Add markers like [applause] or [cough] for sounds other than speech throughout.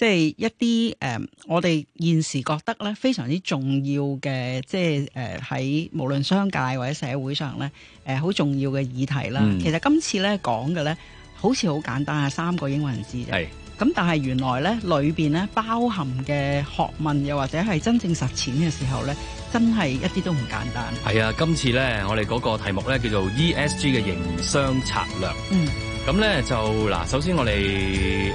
即係一啲誒、呃，我哋現時覺得咧非常之重要嘅，即係誒喺無論商界或者社會上咧誒好重要嘅議題啦。嗯、其實今次咧講嘅咧，好似好簡單啊，三個英文字啫。咁是，但係原來咧裏邊咧包含嘅學問，又或者係真正實踐嘅時候咧，真係一啲都唔簡單。係啊，今次咧我哋嗰個題目咧叫做 ESG 嘅營商商策略。嗯。咁咧就嗱，首先我哋誒，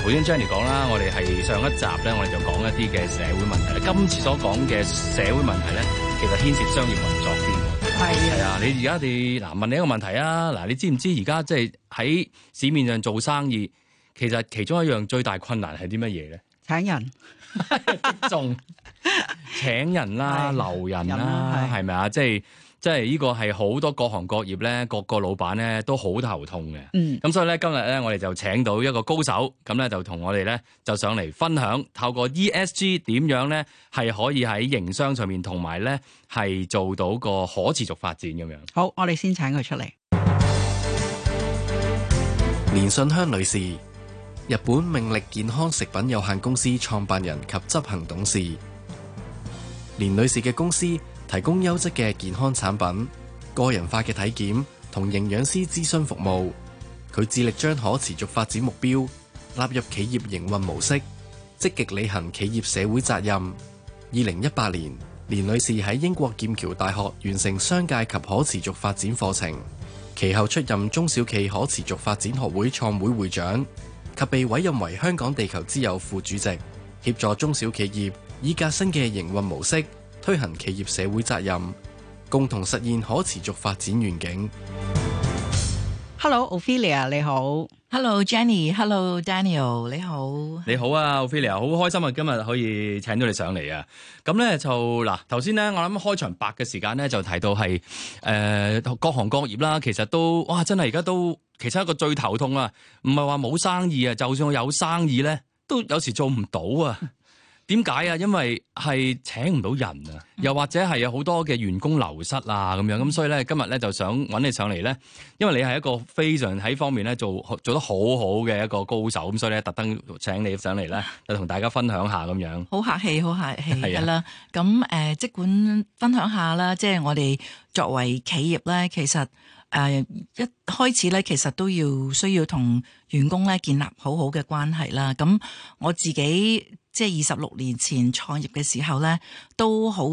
頭、呃、先 Jenny 講啦，我哋係上一集咧，我哋就講一啲嘅社會問題咧。今次所講嘅社會問題咧，其實牽涉商業運作㗎。係，係啊，你而家哋嗱，問你一個問題啊，嗱，你知唔知而家即係喺市面上做生意，其實其中一樣最大困難係啲乜嘢咧？請人仲 [laughs] [laughs] 請人啦、啊，的留人啦，係咪啊？即係。的即係呢個係好多各行各業呢，各個老闆呢都好頭痛嘅。咁、嗯、所以呢，今日呢，我哋就請到一個高手，咁呢，就同我哋呢，就上嚟分享，透過 ESG 點樣呢，係可以喺營商上面同埋呢，係做到個可持續發展咁樣。好，我哋先請佢出嚟。連舜香女士，日本命力健康食品有限公司創辦人及執行董事。連女士嘅公司。提供優質嘅健康產品、個人化嘅體檢同營養師諮詢服務。佢致力將可持續發展目標納入企業營運模式，積極履行企業社會責任。二零一八年，連女士喺英國劍橋大學完成商界及可持續發展課程，其後出任中小企可持續發展學會創會會長，及被委任為香港地球之友副主席，協助中小企業以革新嘅營運模式，推行企業社會責任，共同實現可持續發展願景。Hello，Ophelia 你好。Hello，Jenny。Hello，Daniel 你好。你好啊，Ophelia，好開心啊，今日可以請到你上嚟啊。咁咧就嗱，頭先咧我諗開場白嘅時間咧就提到係誒、呃、各行各業啦，其實都哇真係而家都，其實一個最頭痛啊，唔係話冇生意啊，就算我有生意咧，都有時做唔到啊。 [laughs] 點解啊？因為係請唔到人啊，又或者係有好多嘅員工流失啊咁樣，咁所以咧今日咧就想揾你上嚟咧，因為你係一個非常喺方面咧做做得好好嘅一個高手，咁所以咧特登請你上嚟咧，就同大家分享下咁樣。好客氣，好客氣。係啦的，咁誒，即管分享下啦，即係我哋作為企業咧，其實誒一開始咧，其實都要需要同員工咧建立好好嘅關係啦。咁我自己。即係二十六年前創業嘅時候呢，都好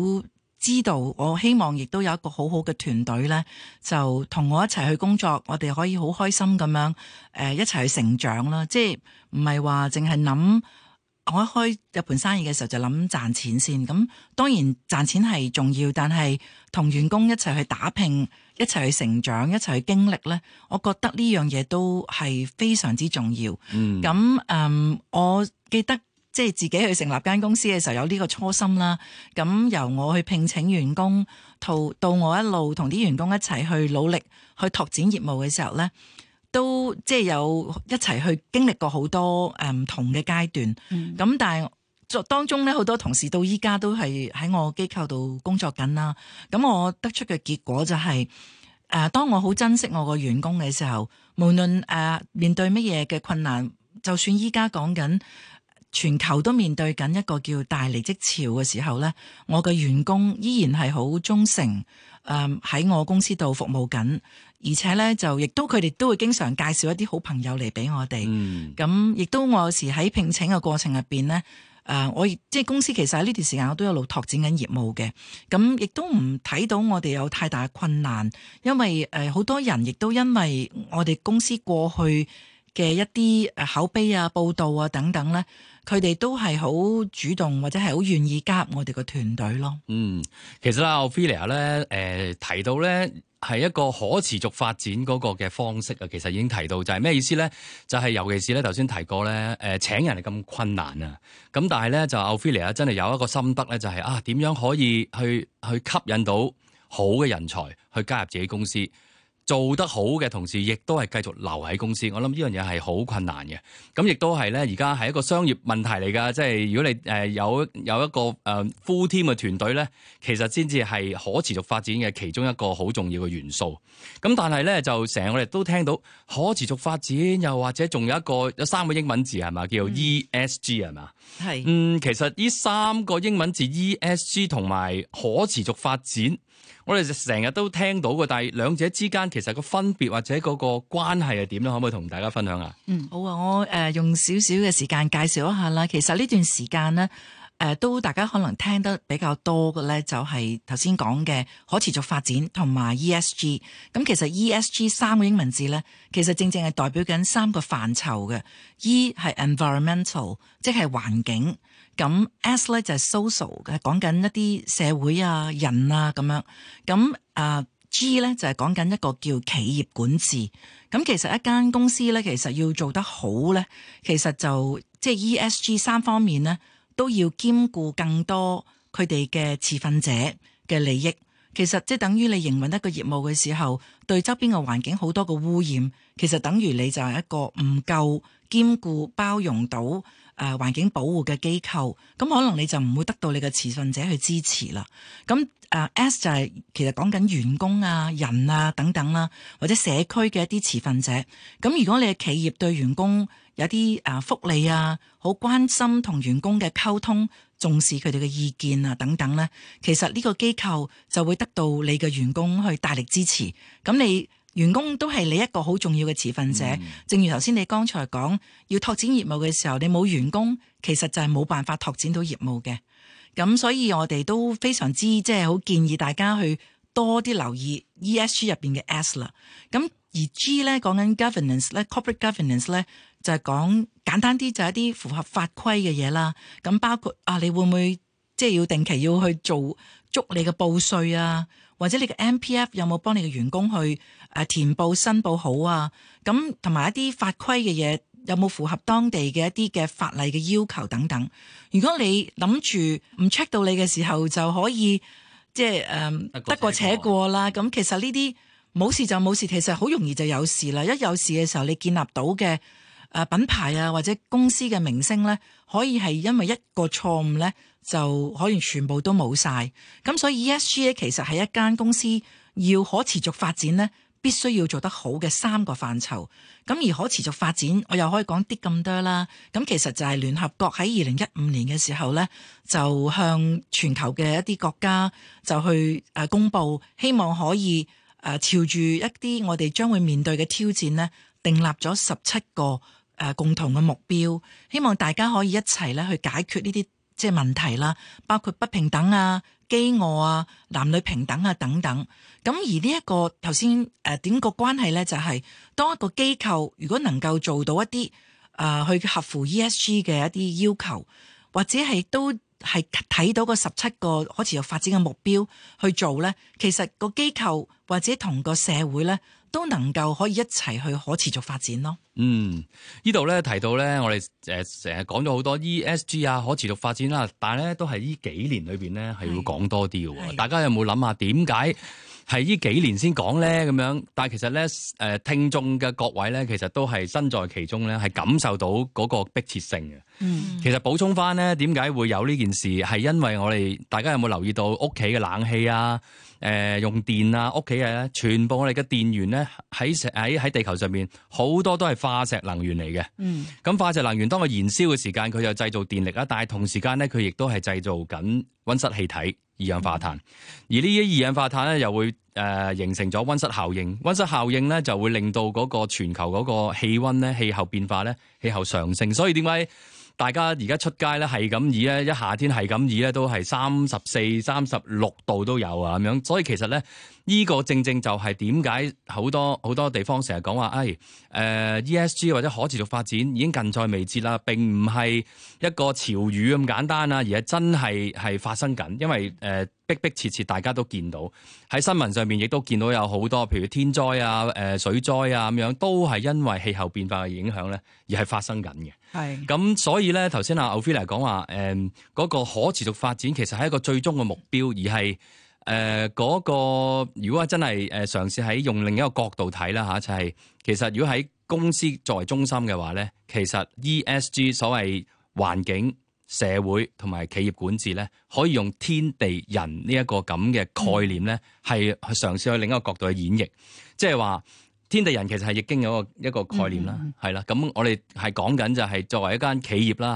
知道我希望亦都有一個好好嘅團隊呢，就同我一齊去工作，我哋可以好開心咁樣誒一齊去成長啦。即係唔係話淨係諗我一開一盤生意嘅時候就諗賺錢先咁。當然賺錢係重要，但係同員工一齊去打拼、一齊去成長、一齊去經歷呢，我覺得呢樣嘢都係非常之重要。嗯，咁、呃、嗯，我記得。即係自己去成立間公司嘅時候有呢個初心啦，咁、嗯嗯、由我去聘請員工，到到我一路同啲員工一齊去努力去拓展業務嘅時候咧，都即係有一齊去經歷過好多誒唔、嗯、同嘅階段。咁、嗯、但係當中咧，好多同事到依家都係喺我機構度工作緊啦。咁、嗯、我得出嘅結果就係、是、誒、呃，當我好珍惜我個員工嘅時候，無論誒、呃、面對乜嘢嘅困難，就算依家講緊。全球都面對緊一個叫大離職潮嘅時候咧，我嘅員工依然係好忠誠，誒、呃、喺我公司度服務緊，而且咧就亦都佢哋都會經常介紹一啲好朋友嚟俾我哋。咁亦、嗯嗯、都我有時喺聘請嘅過程入邊咧，誒、呃、我即係公司其實喺呢段時間我都一路拓展緊業務嘅，咁、嗯、亦都唔睇到我哋有太大嘅困難，因為誒好、呃、多人亦都因為我哋公司過去嘅一啲誒口碑啊、報道啊等等咧。佢哋都係好主動，或者係好願意加入我哋個團隊咯。嗯，其實啦，Ophelia 咧，誒、呃、提到咧係一個可持續發展嗰個嘅方式啊。其實已經提到就係咩意思咧？就係、是、尤其是咧，頭先提過咧，誒請人係咁困難啊。咁但係咧，就 Ophelia 真係有一個心得咧、就是，就係啊點樣可以去去吸引到好嘅人才去加入自己公司。做得好嘅同事，亦都係繼續留喺公司。我諗呢樣嘢係好困難嘅。咁亦都係呢，而家係一個商業問題嚟㗎。即係如果你誒有、呃、有一個誒、呃、full team 嘅團隊呢，其實先至係可持續發展嘅其中一個好重要嘅元素。咁但係呢，就成日我哋都聽到可持續發展，又或者仲有一個有三個英文字係咪？叫 ESG 係咪？係、嗯。是嗯，其實呢三個英文字 ESG 同埋可持續發展。我哋就成日都聽到嘅，但係兩者之間其實個分別或者嗰個關係係點咧？可唔可以同大家分享啊？嗯，好啊，我誒、呃、用少少嘅時間介紹一下啦。其實呢段時間咧，誒、呃、都大家可能聽得比較多嘅咧，就係頭先講嘅可持續發展同埋 ESG。咁、嗯嗯、其實 ESG 三個英文字咧，其實正正係代表緊三個範疇嘅。E 係 environmental，即係環境。咁 S 咧就係、是、social 嘅，講緊一啲社會啊人啊咁樣，咁啊、uh, G 咧就係講緊一個叫企業管治。咁其實一間公司咧，其實要做得好咧，其實就即係 ESG 三方面咧，都要兼顧更多佢哋嘅持份者嘅利益。其實即係等於你營運一個業務嘅時候，對周邊嘅環境好多個污染，其實等於你就係一個唔夠兼顧包容到。誒、啊、環境保護嘅機構，咁、嗯、可能你就唔會得到你嘅持份者去支持啦。咁、嗯、誒、啊、S 就係其實講緊員工啊、人啊等等啦、啊，或者社區嘅一啲持份者。咁、嗯、如果你嘅企業對員工有啲誒、啊、福利啊，好關心同員工嘅溝通，重視佢哋嘅意見啊等等咧、啊，其實呢個機構就會得到你嘅員工去大力支持。咁、嗯、你。員工都係你一個好重要嘅持份者，嗯、正如頭先你剛才講，要拓展業務嘅時候，你冇員工，其實就係冇辦法拓展到業務嘅。咁所以我哋都非常之即係好建議大家去多啲留意 E S G 入邊嘅 S 啦。咁而 G 咧講緊 governance 咧，corporate governance 咧就係、是、講簡單啲就係一啲符合法規嘅嘢啦。咁包括啊，你會唔會即係、就是、要定期要去做足你嘅報稅啊，或者你嘅 M P F 有冇幫你嘅員工去？誒，填報申報好啊，咁同埋一啲法規嘅嘢，有冇符合當地嘅一啲嘅法例嘅要求等等。如果你諗住唔 check 到你嘅時候就可以，即係誒、呃、得，得過且過啦。咁其實呢啲冇事就冇事，其實好容易就有事啦。一有事嘅時候，你建立到嘅誒品牌啊，或者公司嘅名聲呢，可以係因為一個錯誤呢，就可以全部都冇晒。咁所以 ESG 咧，其實係一間公司要可持續發展呢，必須要做得好嘅三個範疇，咁而可持續發展，我又可以講啲咁多啦。咁其實就係聯合國喺二零一五年嘅時候呢，就向全球嘅一啲國家就去誒公佈，希望可以誒、呃、朝住一啲我哋將會面對嘅挑戰呢，定立訂立咗十七個誒、呃、共同嘅目標，希望大家可以一齊咧去解決呢啲即係問題啦，包括不平等啊。飢餓啊，男女平等啊，等等。咁而呢、這、一個頭先誒點個關係咧、就是，就係當一個機構如果能夠做到一啲誒、呃、去合乎 ESG 嘅一啲要求，或者係都係睇到個十七個可持續發展嘅目標去做呢。其實個機構或者同個社會呢。都能夠可以一齊去可持續發展咯。嗯，呢度咧提到咧，我哋誒成日講咗好多 ESG 啊，可持續發展啦、啊，但係咧都係呢幾年裏邊咧係會講多啲嘅。大家有冇諗下點解係呢幾年先講咧？咁樣，但係其實咧誒聽眾嘅各位咧，其實都係身在其中咧，係感受到嗰個迫切性嘅。嗯，其實補充翻咧，點解會有呢件事？係因為我哋大家有冇留意到屋企嘅冷氣啊？誒、呃、用電啊，屋企嘅咧，全部我哋嘅電源咧喺石喺喺地球上面好多都係化石能源嚟嘅。嗯，咁化石能源當佢燃燒嘅時間，佢就製造電力啦。但係同時間咧，佢亦都係製造緊温室氣體二氧化碳。嗯、而呢啲二氧化碳咧，又會誒、呃、形成咗温室效應。温室效應咧，就會令到嗰個全球嗰個氣温咧，氣候變化咧，氣候上升。所以點解？大家而家出街咧，係咁以咧，一夏天係咁以咧，都係三十四、三十六度都有啊，咁樣，所以其實咧。呢個正正就係點解好多好多地方成日講話，誒、哎呃、ESG 或者可持續發展已經近在眉睫啦，並唔係一個潮語咁簡單啦，而係真係係發生緊，因為誒逼逼切切大家都見到喺新聞上面亦都見到有好多譬如天災啊、誒、呃、水災啊咁樣，都係因為氣候變化嘅影響咧而係發生緊嘅。係咁的，所以咧頭先阿歐菲嚟講話，誒嗰、呃嗰個可持續發展其實係一個最終嘅目標，而係。誒，嗰、呃那個如果真係誒嘗試喺用另一個角度睇啦吓，就係、是、其實如果喺公司作為中心嘅話咧，其實 ESG 所謂環境、社會同埋企業管治咧，可以用天地人呢一個咁嘅概念咧，係去嘗試去另一個角度去演繹，即係話天地人其實係易經有個一個概念啦，係啦、嗯。咁我哋係講緊就係作為一間企業啦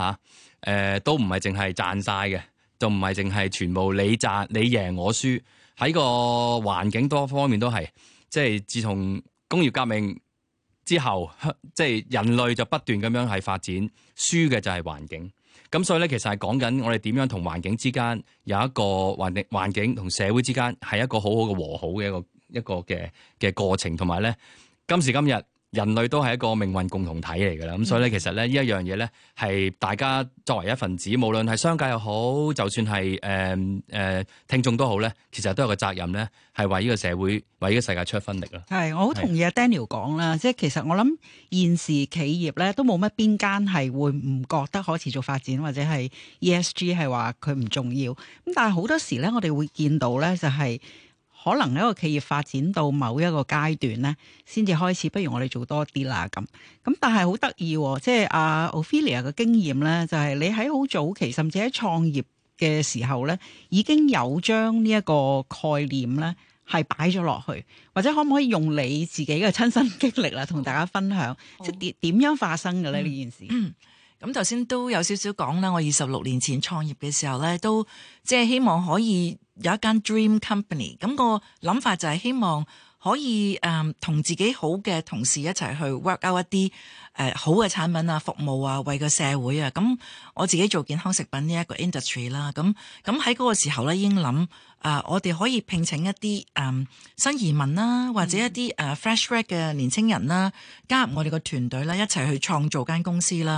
吓，誒、啊啊、都唔係淨係賺晒嘅。就唔係淨係全部你賺你贏我輸，喺個環境多方面都係，即係自從工業革命之後，即係人類就不斷咁樣係發展，輸嘅就係環境。咁所以咧，其實係講緊我哋點樣同環境之間有一個環境環境同社會之間係一個好好嘅和好嘅一個一個嘅嘅過程，同埋咧今時今日，人類都係一個命運共同體嚟㗎啦，咁所以咧，其實咧，呢一樣嘢咧，係大家作為一份子，無論係商界又好，就算係誒誒聽眾都好咧，其實都有個責任咧，係為呢個社會、為呢個世界出一分力啦。係，我好同意阿 Daniel 講啦，是即係其實我諗現時企業咧都冇乜邊間係會唔覺得可持續發展或者係 ESG 係話佢唔重要，咁但係好多時咧，我哋會見到咧就係、是。可能呢個企業發展到某一個階段咧，先至開始，不如我哋做多啲啦咁。咁但係好得意喎，即係阿 Ophelia 嘅經驗咧，就係、是、你喺好早期，甚至喺創業嘅時候咧，已經有將呢一個概念咧係擺咗落去，或者可唔可以用你自己嘅親身經歷啦，同大家分享，好即係點點樣發生嘅咧呢件事？嗯嗯。咁頭先都有少少講啦，我二十六年前創業嘅時候咧，都即係希望可以有一間 dream company。咁個諗法就係希望可以誒、嗯、同自己好嘅同事一齊去 work out 一啲。誒、呃，好嘅產品啊、服務啊，為個社會啊，咁、啊、我自己做健康食品呢一個 industry 啦、啊，咁咁喺嗰個時候咧，已經諗啊，我哋可以聘請一啲誒、嗯、新移民啦、啊，或者一啲誒、uh, fresh grad 嘅年青人啦、啊，加入我哋個團隊啦，一齊去創造間公司啦、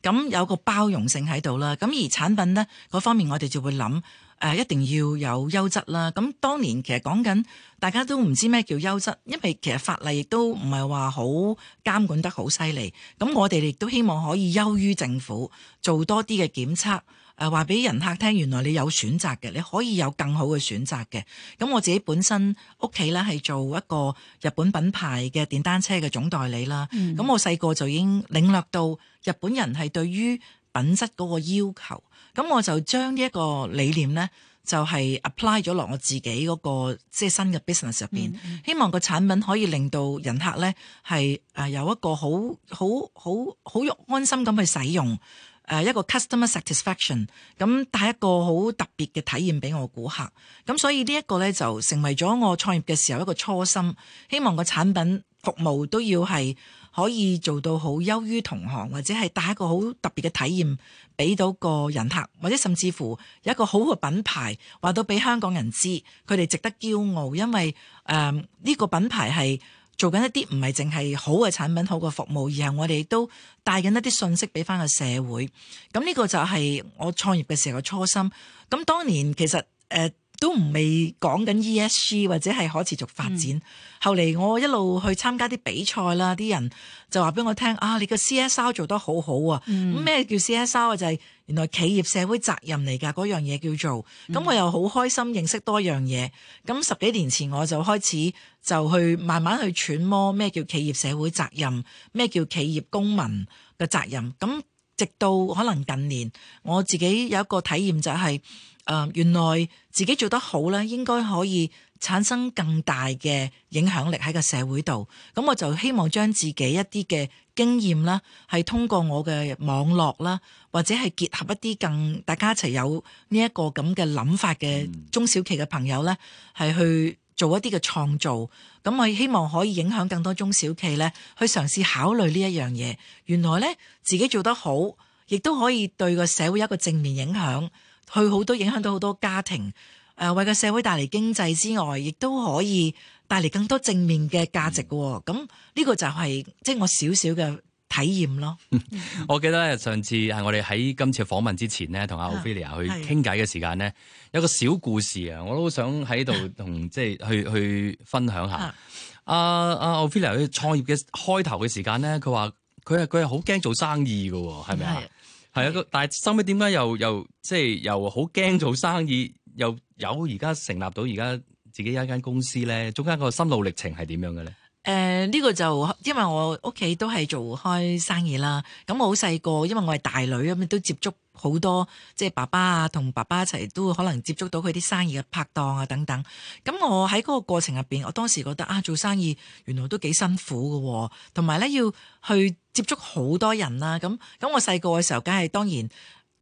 啊，咁、啊啊、有個包容性喺度啦，咁、啊、而產品咧嗰方面，我，我哋就會諗誒，一定要有優質啦。咁、啊啊啊嗯、當年其實講緊，大家都唔知咩叫優質，因為其實法例亦都唔係話好監管得好犀利。咁我哋亦都希望可以優於政府做多啲嘅檢測，誒話俾人客聽，原來你有選擇嘅，你可以有更好嘅選擇嘅。咁我自己本身屋企咧係做一個日本品牌嘅電單車嘅總代理啦，咁、嗯、我細個就已經領略到日本人係對於品質嗰個要求，咁我就將呢一個理念咧，就係 apply 咗落我自己嗰個即係新嘅 business 入邊，嗯嗯，希望個產品可以令到人客咧係誒有一個好好好好安心咁去使用誒、呃、一個 customer satisfaction，咁帶一個好特別嘅體驗俾我顧客。咁所以呢一個咧就成為咗我創業嘅時候一個初心，希望個產品服務都要係。可以做到好優於同行，或者係帶一個好特別嘅體驗俾到個人客，或者甚至乎有一個好嘅品牌，話到俾香港人知佢哋值得驕傲，因為誒呢個品牌係做緊一啲唔係淨係好嘅產品、好嘅服務，而係我哋都帶緊一啲信息俾翻個社會。咁呢個就係我創業嘅時候嘅初心。咁當年其實誒、呃都唔未講緊 ESG 或者係可持續發展。嗯、後嚟我一路去參加啲比賽啦，啲人就話俾我聽：啊，你個 CSR 做得好好啊！咩、嗯、叫 CSR 啊？就係原來企業社會責任嚟㗎，嗰樣嘢叫做。咁我又好開心認識多樣嘢。咁十幾年前我就開始就去慢慢去揣摩咩叫企業社會責任，咩叫企業公民嘅責任。咁直到可能近年，我自己有一個體驗就係、係。誒原來自己做得好咧，應該可以產生更大嘅影響力喺個社會度。咁我就希望將自己一啲嘅經驗啦，係通過我嘅網絡啦，或者係結合一啲更大家一齊有呢一個咁嘅諗法嘅中小企嘅朋友咧，係去做一啲嘅創造。咁我希望可以影響更多中小企咧，去嘗試考慮呢一樣嘢。原來咧，自己做得好，亦都可以對個社會有一個正面影響。佢好多影響到好多家庭，誒、呃、為個社會帶嚟經濟之外，亦都可以帶嚟更多正面嘅價值嘅喎。咁呢個就係即係我少少嘅體驗咯。我記得上次係我哋喺今次訪問之前咧，同阿 Ophelia 去傾偈嘅時間咧，啊、有個小故事啊，我都想喺度同即係去去分享下。啊啊、阿阿 Ophelia 佢創業嘅開頭嘅時間咧，佢話佢係佢係好驚做生意㗎喎，係咪啊？ [laughs] 係啊，但係收尾點解又又即係又好驚做生意，又有而家成立到而家自己有一間公司咧？中間個心路歷程係點樣嘅咧？誒、呃，呢、呢個就因為我屋企都係做開生意啦，咁我好細個，因為我係大女咁，都接觸。好多即係爸爸啊，同爸爸一齊都可能接觸到佢啲生意嘅拍檔啊等等。咁我喺嗰個過程入邊，我當時覺得啊，做生意原來都幾辛苦嘅，哦，同埋咧要去接觸好多人啦。咁咁我細個嘅時候，梗係當然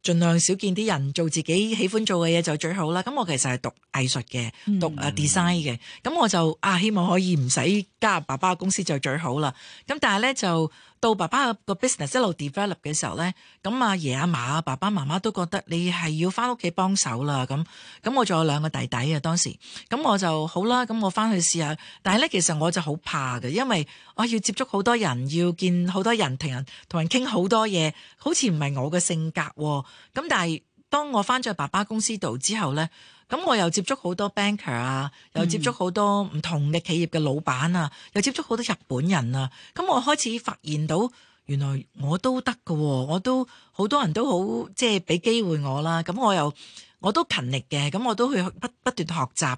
盡量少見啲人，做自己喜歡做嘅嘢就最好啦。咁我其實係讀藝術嘅，嗯、讀啊 design 嘅。咁我就啊希望可以唔使加入爸爸嘅公司就最好啦。咁但係咧就。到爸爸個 business 一路 develop 嘅時候呢，咁阿爺阿嫲、爸爸媽媽都覺得你係要翻屋企幫手啦，咁咁我仲有兩個弟弟啊，當時咁我就好啦，咁我翻去試下，但係呢，其實我就好怕嘅，因為我要接觸好多人，要見好多人，成日同人傾好多嘢，好似唔係我嘅性格，咁但係當我翻咗去爸爸公司度之後呢。咁我又接觸好多 banker 啊，又接觸好多唔同嘅企業嘅老闆啊，嗯、又接觸好多日本人啊。咁我開始發現到，原來我都得嘅、哦，我都好多人都好即係俾機會我啦。咁我又我都勤力嘅，咁我都去不不斷學習。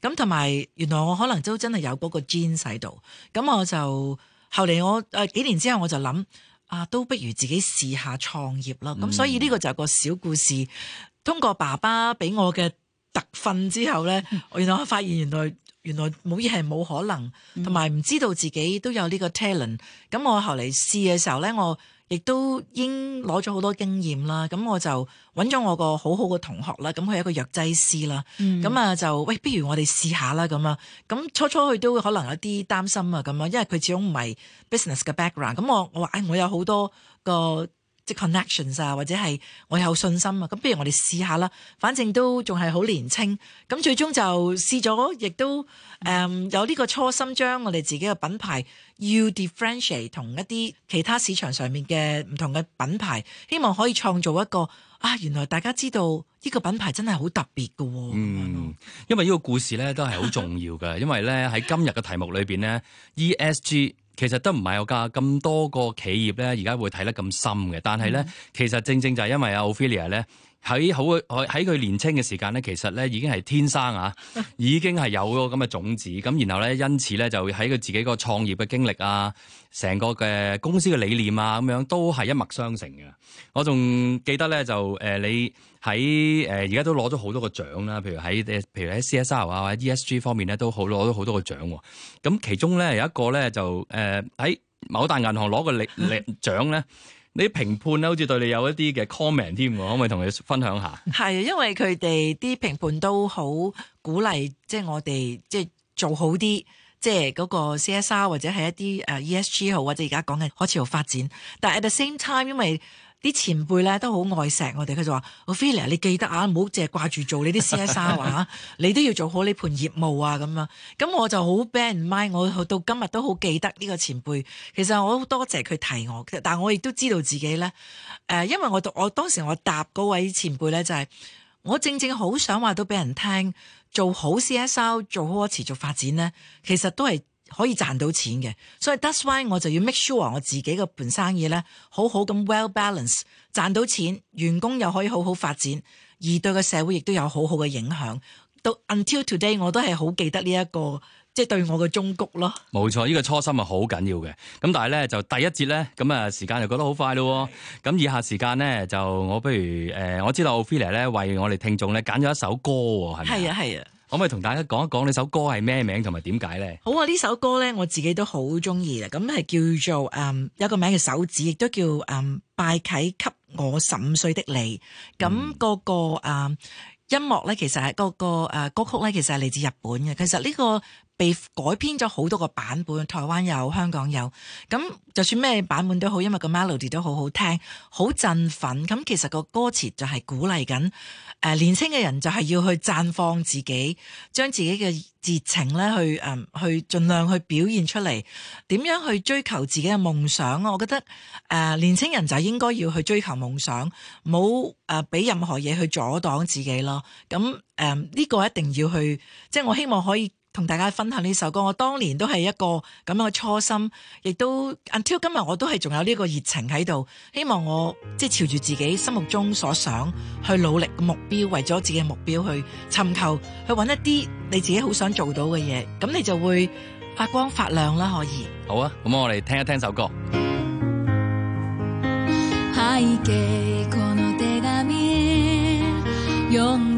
咁同埋原來我可能都真係有嗰個 gene 喺度。咁我就後嚟我誒、啊、幾年之後我就諗，啊都不如自己試下創業啦。咁、嗯、所以呢個就係個小故事，通過爸爸俾我嘅。特訓之後咧，我原來發現原來原來冇嘢係冇可能，同埋唔知道自己都有呢個 talent。咁、嗯、我後嚟試嘅時候咧，我亦都已經攞咗好多經驗啦。咁我就揾咗我個好好嘅同學啦。咁佢係一個藥劑師啦。咁啊、嗯、就喂，不如我哋試下啦咁啊。咁初初佢都可能有啲擔心啊咁啊，因為佢始終唔係 business 嘅 background。咁我我話誒，我有好多個。即 connections 啊，或者係我有信心啊，咁不如我哋試下啦。反正都仲係好年輕，咁最終就試咗，亦都誒、呃、有呢個初心，將我哋自己嘅品牌要 differentiate 同一啲其他市場上面嘅唔同嘅品牌，希望可以創造一個啊，原來大家知道呢個品牌真係好特別㗎喎。嗯，因為呢個故事咧都係好重要嘅， [laughs] 因為咧喺今日嘅題目裏邊咧 ESG。ES 其實都唔係有㗎咁多個企業咧，而家會睇得咁深嘅。但係咧，嗯、其實正正就係因為阿 Ophelia 咧。喺好喺佢年青嘅時間咧，其實咧已經係天生啊，已經係有個咁嘅種子。咁然後咧，因此咧就喺佢自己個創業嘅經歷啊，成個嘅公司嘅理念啊，咁樣都係一脈相承嘅。我仲記得咧，就誒、呃、你喺誒而家都攞咗好多個獎啦，譬如喺譬如喺 CSR 啊或者 ESG 方面咧，都好攞咗好多個獎。咁其中咧有一個咧就誒喺、呃、某大銀行攞個利利獎咧。 [laughs] 你啲評判咧，好似對你有一啲嘅 comment 添，可唔可以同你分享下？係，因為佢哋啲評判都好鼓勵，即係我哋即係做好啲，即係嗰個 CSR 或者係一啲誒、uh, ESG，或者而家講嘅可持續發展。但係 at the same time，因為啲前輩咧都好愛錫我哋，佢就話：阿 Fiona, 你記得啊，唔好淨係掛住做呢啲 CSR 啊，你都要做好呢盤業務啊，咁樣。咁、嗯、我就好 bear in mind，我到今日都好記得呢個前輩。其實我好多謝佢提我，但係我亦都知道自己咧。誒、呃，因為我我當時我答嗰位前輩咧，就係、是、我正正好想話都俾人聽，做好 CSR，做好持續發展咧，其實都係，可以賺到錢嘅，所、so、以 that's why 我就要 make sure 我自己個盤生意咧好好咁 well balanced，賺到錢，員工又可以好好發展，而對個社會亦都有好好嘅影響。到 until today 我都係好記得呢、這、一個，即、就、係、是、對我嘅忠告咯。冇錯，呢、這個初心係好緊要嘅。咁但係咧就第一節咧，咁啊時間就覺得好快咯。咁的以下時間咧就我不如誒、呃，我知道 Ophelia 咧為我哋聽眾咧揀咗一首歌喎，係咪啊？係啊，係啊。可唔可以同大家講一講呢首歌係咩名同埋點解咧？好啊，呢首歌咧我自己都好中意嘅，咁係叫做誒、呃、有一個名嘅手指，亦都叫誒、呃、拜啟給我十五歲的你。咁嗰、那個誒、呃、音樂咧，其實係、那、嗰個誒、呃、歌曲咧，其實係嚟自日本嘅。其實呢、這個。被改編咗好多個版本，台灣有、香港有，咁就算咩版本都好，因為個 melody 都好好聽，好振奮。咁其實個歌詞就係鼓勵緊，誒、呃、年輕嘅人就係要去綻放自己，將自己嘅熱情咧去誒、呃、去盡量去表現出嚟，點樣去追求自己嘅夢想。我覺得誒、呃、年輕人就應該要去追求夢想，冇誒俾任何嘢去阻擋自己咯。咁誒呢個一定要去，即係我希望可以。同大家分享呢首歌，我當年都係一個咁樣嘅初心，亦都 Until 今日我都係仲有呢個熱情喺度。希望我即係朝住自己心目中所想去努力嘅目標，為咗自己嘅目標去尋求，去揾一啲你自己好想做到嘅嘢，咁你就會發光發亮啦。可以，好啊，咁我哋聽一聽首歌。 [music]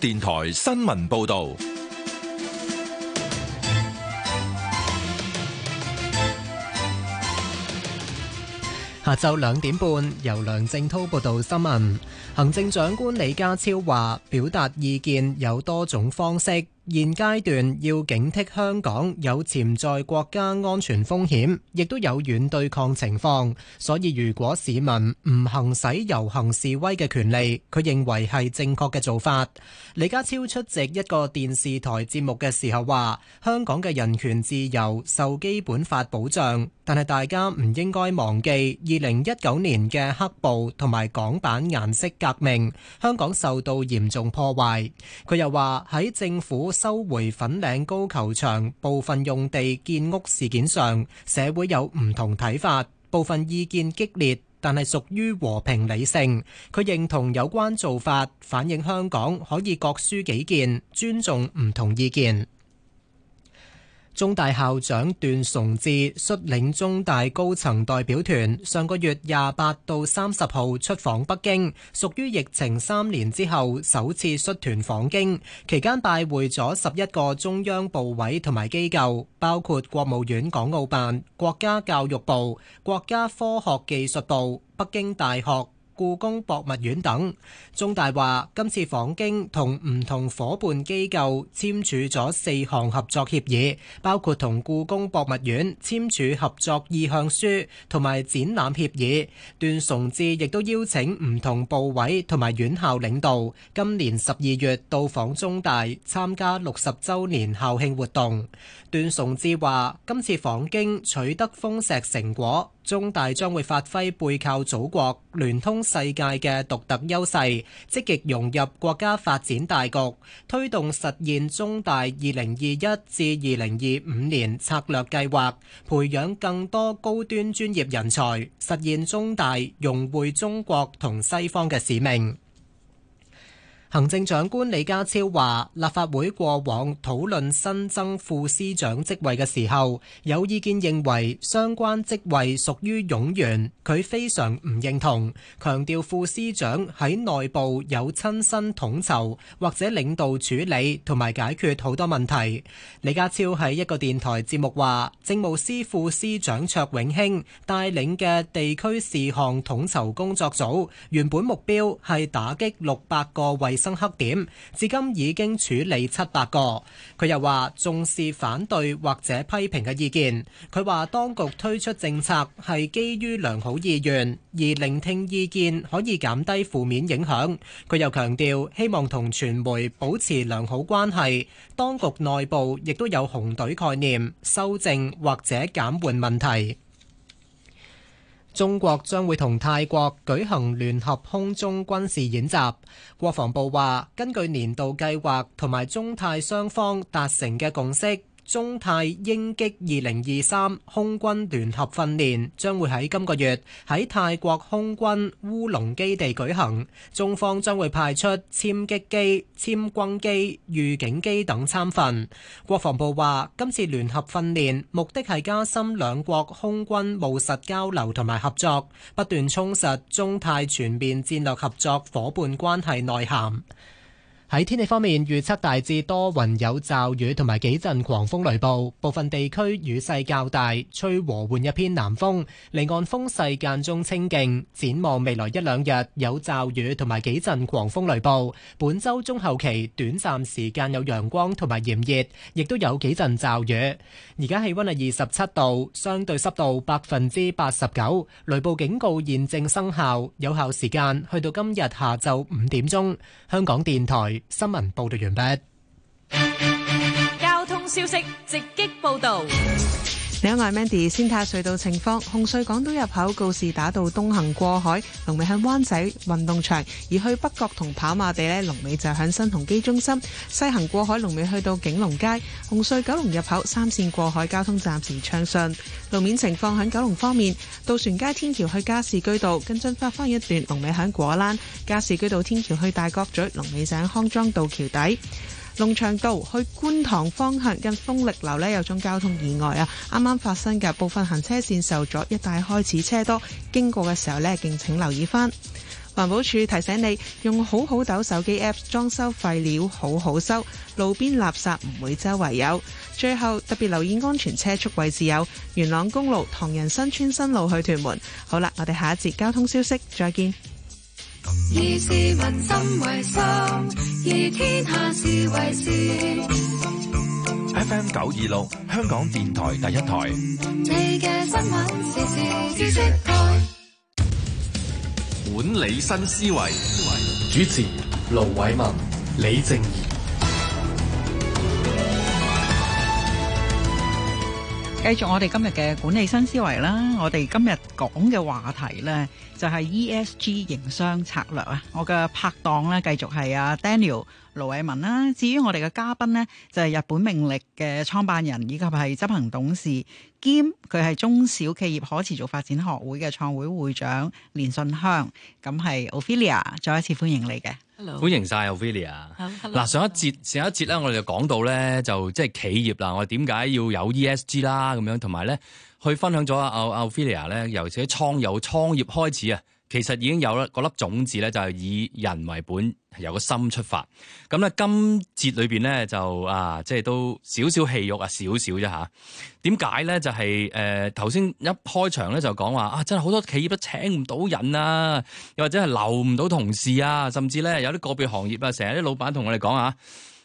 電台新聞報道。下晝兩點半，由梁正濤報道新聞。行政長官李家超話，表達意見有多種方式。現階段要警惕香港有潛在國家安全風險，亦都有軟對抗情況。所以如果市民唔行使遊行示威嘅權利，佢認為係正確嘅做法。李家超出席一個電視台節目嘅時候話，香港嘅人權自由受基本法保障，但係大家唔應該忘記二零一九年嘅黑暴同埋港版顏色革命，香港受到嚴重破壞。佢又話喺政府。收回粉嶺高球場部分用地建屋事件上，社會有唔同睇法，部分意見激烈，但係屬於和平理性。佢認同有關做法，反映香港可以各抒己見，尊重唔同意見。中大校長段崇智率領中大高層代表團上個月廿八到三十號出訪北京，屬於疫情三年之後首次率團訪京。期間拜會咗十一個中央部委同埋機構，包括國務院港澳辦、國家教育部、國家科學技術部、北京大學。故宮博物院等，中大話今次訪京同唔同伙伴機構簽署咗四項合作協議，包括同故宮博物院簽署合作意向書同埋展覽協議。段崇智亦都邀請唔同部委同埋院校領導今年十二月到訪中大參加六十週年校慶活動。段崇智話：今次訪京取得豐碩成果。中大將會發揮背靠祖國、聯通世界嘅獨特優勢，積極融入國家發展大局，推動實現中大二零二一至二零二五年策略計劃，培養更多高端專業人才，實現中大融會中國同西方嘅使命。行政長官李家超話，立法會過往討論新增副司長職位嘅時候，有意見認為相關職位屬於冗員，佢非常唔認同，強調副司長喺內部有親身統籌或者領導處理同埋解決好多問題。李家超喺一個電台節目話，政務司副司長卓永興帶領嘅地區事項統籌工作組，原本目標係打擊六百個為黑點，至今已經處理七百個。佢又話重視反對或者批評嘅意見。佢話當局推出政策係基於良好意願，而聆聽意見可以減低負面影響。佢又強調希望同傳媒保持良好關係，當局內部亦都有紅隊概念，修正或者減緩問題。中國將會同泰國舉行聯合空中軍事演習。國防部話，根據年度計劃同埋中泰雙方達成嘅共識。中泰鷹擊二零二三空軍聯合訓練將會喺今個月喺泰國空軍烏龍基地舉行，中方將會派出殲擊機、殲轟機、預警機等參訓。國防部話，今次聯合訓練目的係加深兩國空軍務實交流同埋合作，不斷充實中泰全面戰略合作伙伴關係內涵。喺天氣方面預測大致多雲有驟雨同埋幾陣狂風雷暴，部分地區雨勢較大，吹和緩一偏南風，離岸風勢間中清勁。展望未來一兩日有驟雨同埋幾陣狂風雷暴，本周中後期短暫時間有陽光同埋炎熱，亦都有幾陣驟雨。而家氣溫係二十七度，相對濕度百分之八十九，雷暴警告現正生效，有效時間去到今日下晝五點鐘。香港電台。新聞報道完畢。交通消息直擊報道。你好，我係 Mandy。先睇下隧道情況，紅隧港島入口告士打道東行過海，龍尾喺灣仔運動場；而去北角同跑馬地咧，龍尾就喺新鴻基中心。西行過海，龍尾去到景隆街。紅隧九龍入口三線過海交通暫時暢順。路面情況喺九龍方面，渡船街天橋去加士居道，近駿發花園一段，龍尾喺果欄；加士居道天橋去大角咀，龍尾就喺康莊道橋底。龍翔道去觀塘方向近豐力樓呢，有宗交通意外啊！啱啱發生嘅部分行車線受阻，一帶開始車多，經過嘅時候呢，敬請留意翻。環保署提醒你用好好斗手機 app 裝修廢料好好收，路邊垃圾唔會周圍有。最後特別留意安全車速位置有元朗公路唐人新村新路去屯門。好啦，我哋下一節交通消息再見。以市民心為心，以天下事為事。 [noise] FM 九二六，香港電台第一台。 [noise] 你嘅新聞時事知識台，管理新思維。主持：盧偉民、李靜宜。繼續我哋今日嘅管理新思維啦，我哋今日講嘅話題咧就係 ESG 營商策略啊，我嘅拍檔咧繼續係阿 Daniel。盧偉民啦，至於我哋嘅嘉賓咧，就係、是、日本命力嘅創辦人以及係執行董事兼佢係中小企業可持續發展學會嘅創會會長連舜香，咁係 Ophelia，再一次歡迎你嘅。Hello. 歡迎晒 Ophelia。嗱、uh, hello. 上一節上一節咧、就是，我哋就講到咧，就即係企業啦，我哋點解要有 ESG 啦，咁樣同埋咧，去分享咗啊 Ophelia 咧，尤其創由創業開始啊，其實已經有啦粒、那個、種子咧，就係以人為本。有個心出發，咁咧今節裏邊咧就啊，即係都少少戲肉啊，少少啫嚇。點解咧？就係誒頭先一開場咧就講話啊，真係好多企業都請唔到人啊，又或者係留唔到同事啊，甚至咧有啲個別行業常常啊，成日啲老闆同我哋講啊，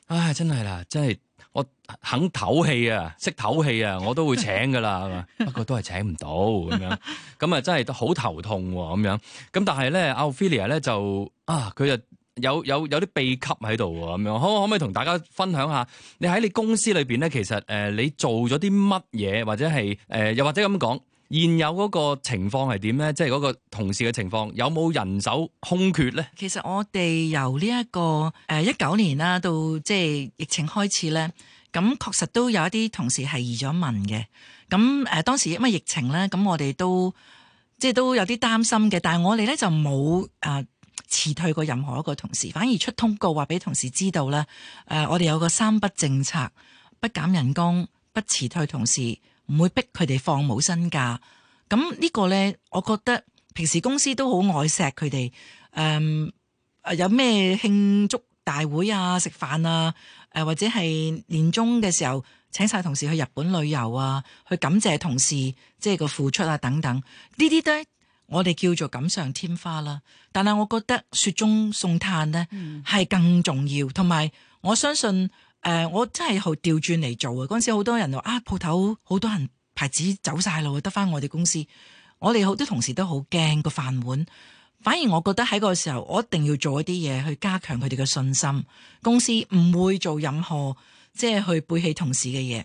唉真係啦，真係我肯唞氣啊，識唞氣啊，我都會請噶啦， [laughs] 不過都係請唔到咁樣，咁啊真係都好頭痛喎、啊、咁樣。咁但係咧，Alphilia 咧就啊佢就。啊就有有有啲秘笈喺度咁樣，可可唔可以同大家分享下？你喺你公司裏邊咧，其實誒、呃，你做咗啲乜嘢，或者係誒，又、呃、或者咁講，現有嗰個情況係點咧？即係嗰個同事嘅情況，有冇人手空缺咧？其實我哋由呢一個誒一九年啦，到即係疫情開始咧，咁、嗯、確實都有一啲同事係移咗民嘅。咁、嗯、誒、呃，當時因為疫情咧，咁、嗯、我哋都即係都有啲擔心嘅。但係我哋咧就冇啊，呃辭退過任何一個同事，反而出通告話俾同事知道啦。誒、呃，我哋有個三不政策：不減人工、不辭退同事、唔會逼佢哋放冇薪假。咁、嗯這個、呢個咧，我覺得平時公司都好愛錫佢哋。誒、呃，有咩慶祝大會啊、食飯啊，誒、呃，或者係年終嘅時候，請晒同事去日本旅遊啊，去感謝同事即係個付出啊等等。呢啲都。我哋叫做錦上添花啦，但係我覺得雪中送炭咧，係、嗯、更重要，同埋我相信誒、呃，我真係好調轉嚟做啊！嗰時好多人話啊，鋪頭好多人牌子，走晒路啦，得翻我哋公司，我哋好多同事都好驚個飯碗。反而我覺得喺個時候，我一定要做一啲嘢去加強佢哋嘅信心，公司唔會做任何即係去背棄同事嘅嘢。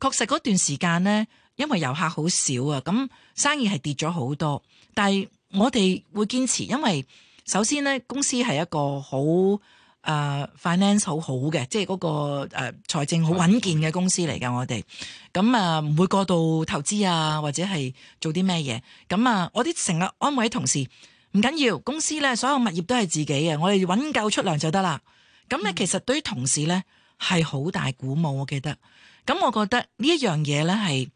確實嗰段時間咧。因為遊客好少啊，咁生意係跌咗好多。但係我哋會堅持，因為首先咧，公司係一個、呃、好誒 finance 好好嘅，即係嗰、嗰個誒財、呃、政好穩健嘅公司嚟嘅。我哋咁啊唔會過度投資啊，或者係做啲咩嘢。咁啊，我哋成日安慰同事，唔緊要。公司咧所有物業都係自己嘅，我哋揾夠出糧就得啦。咁咧其實對於同事咧係好大鼓舞，我記得。咁我覺得呢一樣嘢咧係。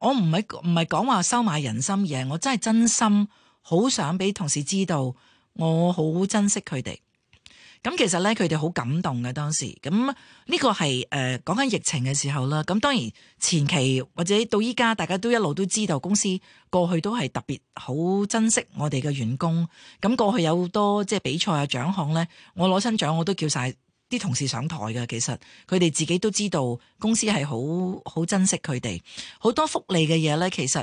我唔係唔係講話收買人心，嘢，我真係真心好想俾同事知道，我好珍惜佢哋。咁其實咧，佢哋好感動嘅當時。咁呢個係誒講緊疫情嘅時候啦。咁當然前期或者到依家，大家都一路都知道公司過去都係特別好珍惜我哋嘅員工。咁過去有好多即係比賽啊獎項咧，我攞親獎我都叫晒啲同事上台嘅，其實佢哋自己都知道公司係好好珍惜佢哋，好多福利嘅嘢呢，其實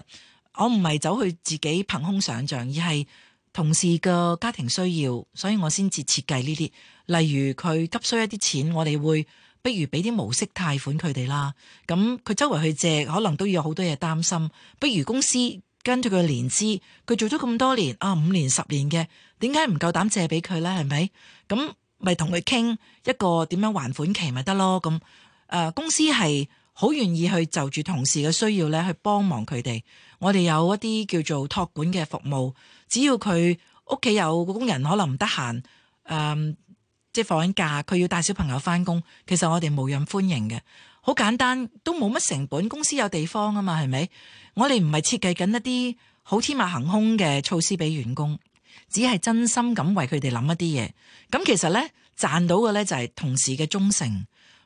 我唔係走去自己憑空想象，而係同事嘅家庭需要，所以我先至設計呢啲。例如佢急需一啲錢，我哋會不如俾啲無息貸款佢哋啦。咁佢周圍去借，可能都要有好多嘢擔心，不如公司跟住佢年資，佢做咗咁多年啊，五年十年嘅，點解唔夠膽借俾佢呢？係咪咁？咪同佢傾一個點樣還款期咪得咯咁？誒、嗯、公司係好願意去就住同事嘅需要咧去幫忙佢哋。我哋有一啲叫做託管嘅服務，只要佢屋企有工人可能唔得閒，誒、嗯、即係放緊假，佢要帶小朋友翻工，其實我哋無人歡迎嘅。好簡單，都冇乜成本，公司有地方啊嘛，係咪？我哋唔係設計緊一啲好天馬行空嘅措施俾員工。只係真心咁為佢哋諗一啲嘢，咁其實呢，賺到嘅呢就係同事嘅忠誠，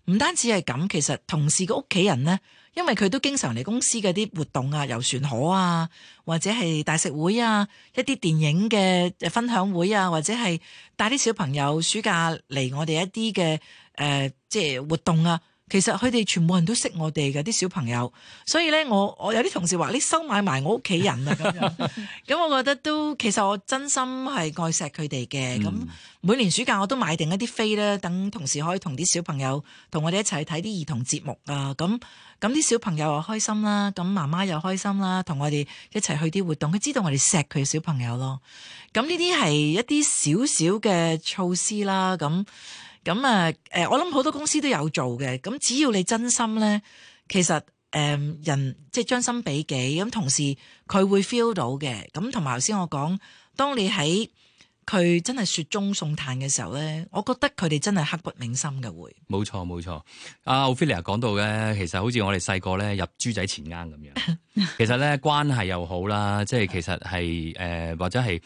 唔單止係咁，其實同事嘅屋企人呢，因為佢都經常嚟公司嘅啲活動啊，遊船河啊，或者係大食會啊，一啲電影嘅分享會啊，或者係帶啲小朋友暑假嚟我哋一啲嘅誒，即係活動啊。其實佢哋全部人都識我哋嘅啲小朋友，所以咧，我我有啲同事話： [laughs] 你收買埋我屋企人啦、啊、咁樣。咁、 [laughs] 嗯、 [laughs] 我覺得都其實我真心係愛錫佢哋嘅。咁每年暑假我都買定一啲飛咧，等同事可以同啲小朋友同我哋一齊睇啲兒童節目啊。咁咁啲小朋友又開心啦，咁媽媽又開心啦，同我哋一齊去啲活動。佢知道我哋錫佢小朋友咯。咁呢啲係一啲小小嘅措施啦。咁。咁啊，誒、嗯，我諗好多公司都有做嘅。咁只要你真心咧，其實誒、嗯、人即係將心比己，咁同時佢會 feel 到嘅。咁同埋頭先我講，當你喺佢真係雪中送炭嘅時候咧，我覺得佢哋真係刻骨銘心嘅會。冇錯冇錯，阿 Ophelia 講到嘅，其實好似我哋細個咧入豬仔前啱咁樣。 [laughs] 其實咧關係又好啦，即係其實係誒、呃、或者係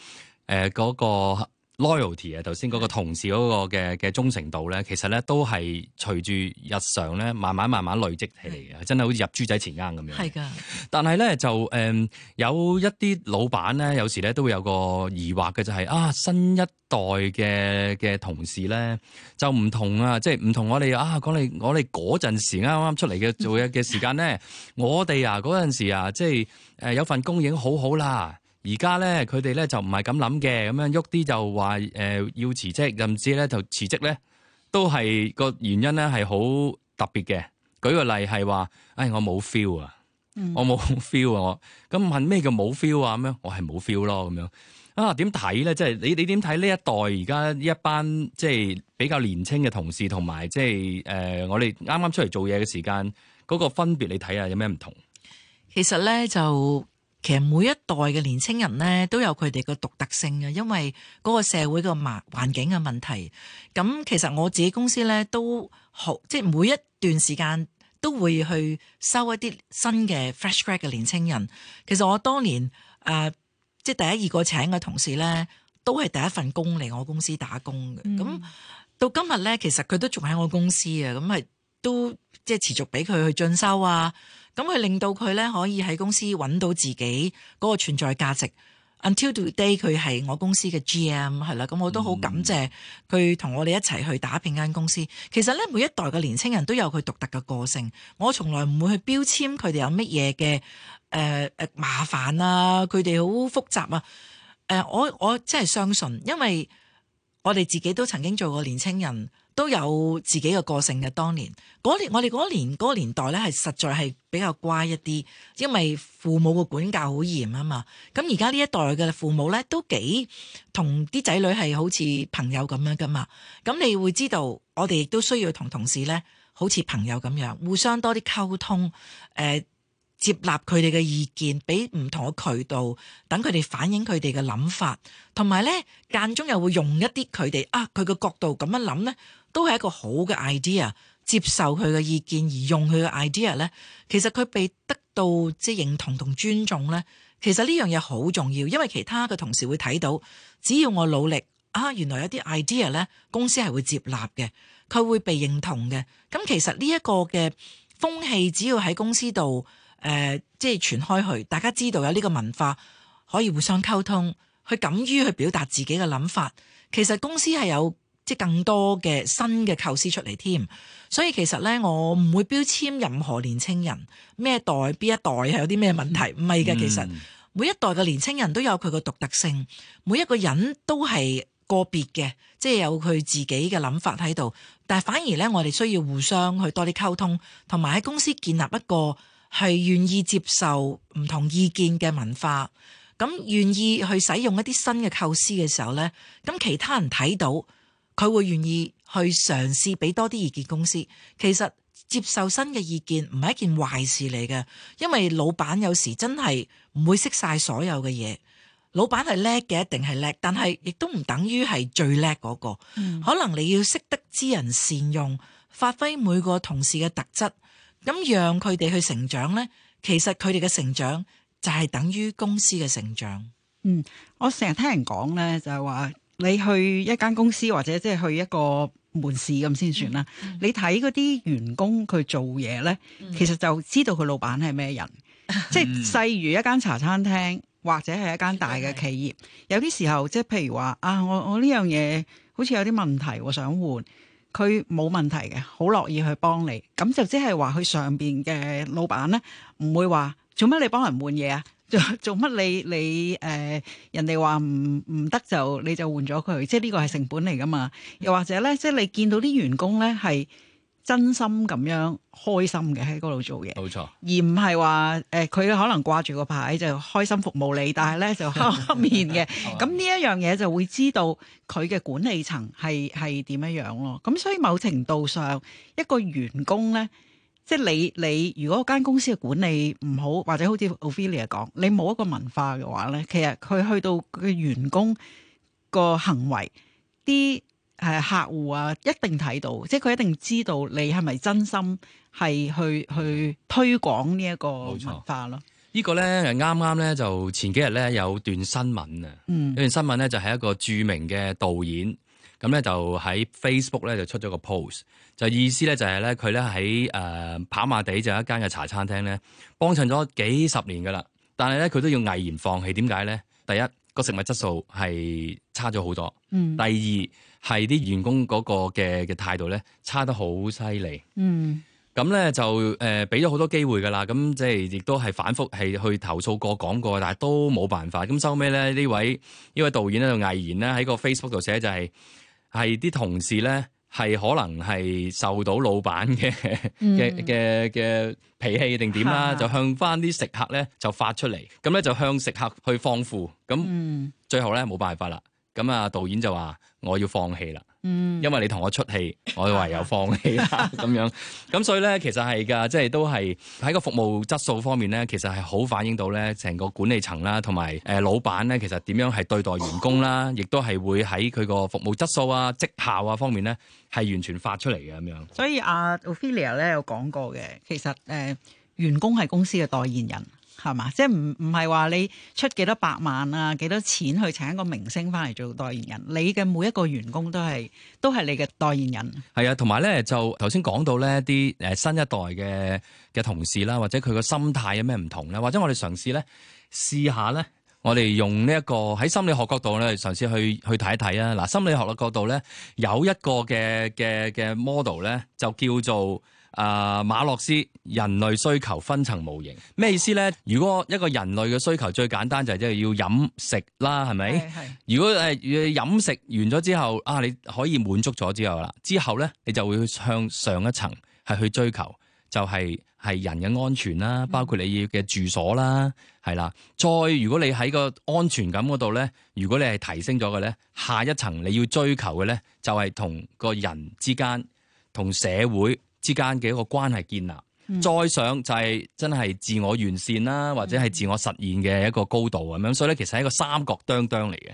誒嗰個。Loyalty 啊，頭先嗰個同事嗰個嘅嘅忠誠度咧，的其實咧都係隨住日常咧慢慢慢慢累積起嚟嘅，真係好似入豬仔前啱咁樣。係噶的，但係咧就誒、呃、有一啲老闆咧，有時咧都會有個疑惑嘅，就係、是、啊新一代嘅嘅同事咧就唔同，就是、同啊，即係唔同我哋啊講你我哋嗰陣時啱啱出嚟嘅做嘢嘅時間咧，我哋啊嗰陣時啊，即係誒有份工已經好好啦。而家咧，佢哋咧就唔係咁諗嘅，咁樣喐啲就話誒要辭職，甚至咧就辭職咧都係個原因咧係好特別嘅。舉個例係話，誒我冇 feel 啊，我冇 feel 啊，我咁問咩叫冇 feel 啊？咁樣我係冇 feel 咯，咁樣啊點睇咧？即係你你點睇呢一代而家呢一班即係比較年輕嘅同事同埋即係誒我哋啱啱出嚟做嘢嘅時間嗰個分別你睇下有咩唔同？其實咧就。其實每一代嘅年青人咧，都有佢哋嘅獨特性嘅，因為嗰個社會嘅麻環境嘅問題。咁其實我自己公司咧都好，即係每一段時間都會去收一啲新嘅 fresh grad 嘅年青人。其實我當年啊、呃，即係第一、二個請嘅同事咧，都係第一份工嚟我公司打工嘅。咁、嗯、到今日咧，其實佢都仲喺我公司啊。咁係都即係持續俾佢去進修啊。咁佢令到佢咧可以喺公司揾到自己嗰個存在價值。Until today 佢係我公司嘅 GM 係啦，咁我都好感謝佢同我哋一齊去打拼間公司。其實咧每一代嘅年輕人都有佢獨特嘅個性，我從來唔會去標籤佢哋有乜嘢嘅誒誒麻煩啊，佢哋好複雜啊。誒、呃、我我真係相信，因為我哋自己都曾經做過年輕人。都有自己嘅個性嘅。當年年，我哋嗰年嗰年代咧，係實在係比較乖一啲，因為父母嘅管教好嚴啊嘛。咁而家呢一代嘅父母咧，都幾同啲仔女係好似朋友咁樣噶嘛。咁你會知道，我哋亦都需要同同事咧，好似朋友咁樣，互相多啲溝通，誒、呃，接納佢哋嘅意見，俾唔同嘅渠道，等佢哋反映佢哋嘅諗法，同埋咧間中又會用一啲佢哋啊佢嘅角度咁樣諗咧。都係一個好嘅 idea，接受佢嘅意見而用佢嘅 idea。呢其實佢被得到，即係認同同尊重。呢其實呢樣嘢好重要，因為其他嘅同事會睇到，只要我努力啊，原來有啲 idea 咧，公司係會接納嘅，佢會被認同嘅。咁其實呢一個嘅風氣，只要喺公司度誒、呃、即係傳開去，大家知道有呢個文化可以互相溝通，去敢於去表達自己嘅諗法。其實公司係有。即係更多嘅新嘅構思出嚟添，所以其實咧我唔會標籤任何年青人咩代，邊一代係有啲咩問題，唔係嘅。嗯、其實每一代嘅年青人都有佢嘅獨特性，每一個人都係個別嘅，即係有佢自己嘅諗法喺度。但係反而咧，我哋需要互相去多啲溝通，同埋喺公司建立一個係願意接受唔同意見嘅文化，咁願意去使用一啲新嘅構思嘅時候咧，咁其他人睇到。佢會願意去嘗試俾多啲意見公司，其實接受新嘅意見唔係一件壞事嚟嘅，因為老闆有時真係唔會識晒所有嘅嘢。老闆係叻嘅，一定係叻，但係亦都唔等於係最叻嗰個。嗯，可能你要識得知人善用，發揮每個同事嘅特質，咁讓佢哋去成長呢。其實佢哋嘅成長就係等於公司嘅成長。嗯，我成日聽人講呢，就係話。你去一間公司或者即係去一個門市咁先算啦。嗯嗯、你睇嗰啲員工佢做嘢咧，嗯、其實就知道佢老闆係咩人。即係細如一間茶餐廳或者係一間大嘅企業，的有啲時候即係譬如話啊，我我呢樣嘢好似有啲問題，我想換，佢冇問題嘅，好樂意去幫你。咁就即係話佢上邊嘅老闆咧，唔會話做乜你幫人換嘢啊？做乜你你誒、呃、人哋話唔唔得就你就換咗佢，即係呢個係成本嚟噶嘛？又或者咧，即係你見到啲員工咧係真心咁樣開心嘅喺嗰度做嘢，冇錯，錯而唔係話誒佢可能掛住個牌就開心服務你，但係咧就黑面嘅。咁呢一樣嘢就會知道佢嘅管理層係係點樣樣咯。咁所以某程度上，一個員工咧。即係你你如果間公司嘅管理唔好，或者好似 Ophelia 講，你冇一個文化嘅話咧，其實佢去到佢員工個行為，啲誒客戶啊，一定睇到，即係佢一定知道你係咪真心係去去推廣呢一個文化咯。這個、呢個咧，啱啱咧就前幾日咧有段新聞啊，嗯、呢段新聞咧就係一個著名嘅導演。咁咧就喺 Facebook 咧就出咗個 post，就意思咧就係咧佢咧喺誒跑馬地就有一間嘅茶餐廳咧幫襯咗幾十年噶啦，但係咧佢都要毅然放棄，點解咧？第一個，食物質素係差咗好多，第二係啲員工嗰個嘅嘅態度咧差得好犀利。嗯，咁咧就誒俾咗好多機會噶啦，咁即係亦都係反覆係去投訴過講過，但係都冇辦法。咁收尾咧呢位呢位導演咧就毅然咧喺個 Facebook 度寫就係。係啲同事咧，係可能係受到老闆嘅嘅嘅嘅脾氣定點啦，的就向返啲食客咧就發出嚟，咁咧就向食客去放負，咁最後咧冇辦法啦，咁啊導演就話我要放棄啦。嗯，因為你同我出氣，我唯有放棄啦咁 [laughs] 樣。咁所以咧，其實係噶，即係都係喺個服務質素方面咧，其實係好反映到咧成個管理層啦，同埋誒老闆咧，其實點樣係對待員工啦，亦都係會喺佢個服務質素啊、績效啊方面咧，係完全發出嚟嘅咁樣。所以阿 Ophelia 咧有講過嘅，其實誒、呃、員工係公司嘅代言人。係嘛？即係唔唔係話你出幾多百萬啊？幾多錢去請一個明星翻嚟做代言人？你嘅每一個員工都係都係你嘅代言人。係啊，同埋咧就頭先講到咧啲誒新一代嘅嘅同事啦，或者佢個心態有咩唔同咧？或者我哋嘗試咧試下咧，我哋用呢、這、一個喺心理學角度咧嘗試去去睇一睇啊！嗱，心理學嘅角度咧有一個嘅嘅嘅 model 咧，就叫做。啊、呃！馬洛斯人類需求分層模型咩意思咧？如果一個人類嘅需求最簡單就係即係要飲食啦，係咪？如果誒、呃、飲食完咗之後啊，你可以滿足咗之後啦，之後咧你就會向上一層係去追求，就係、是、係人嘅安全啦，包括你要嘅住所啦，係啦。再如果你喺個安全感嗰度咧，如果你係提升咗嘅咧，下一層你要追求嘅咧就係同個人之間同社會。之間嘅一個關係建立，再上就係真係自我完善啦，或者係自我實現嘅一個高度咁樣，所以咧其實係一個三角釘釘嚟嘅。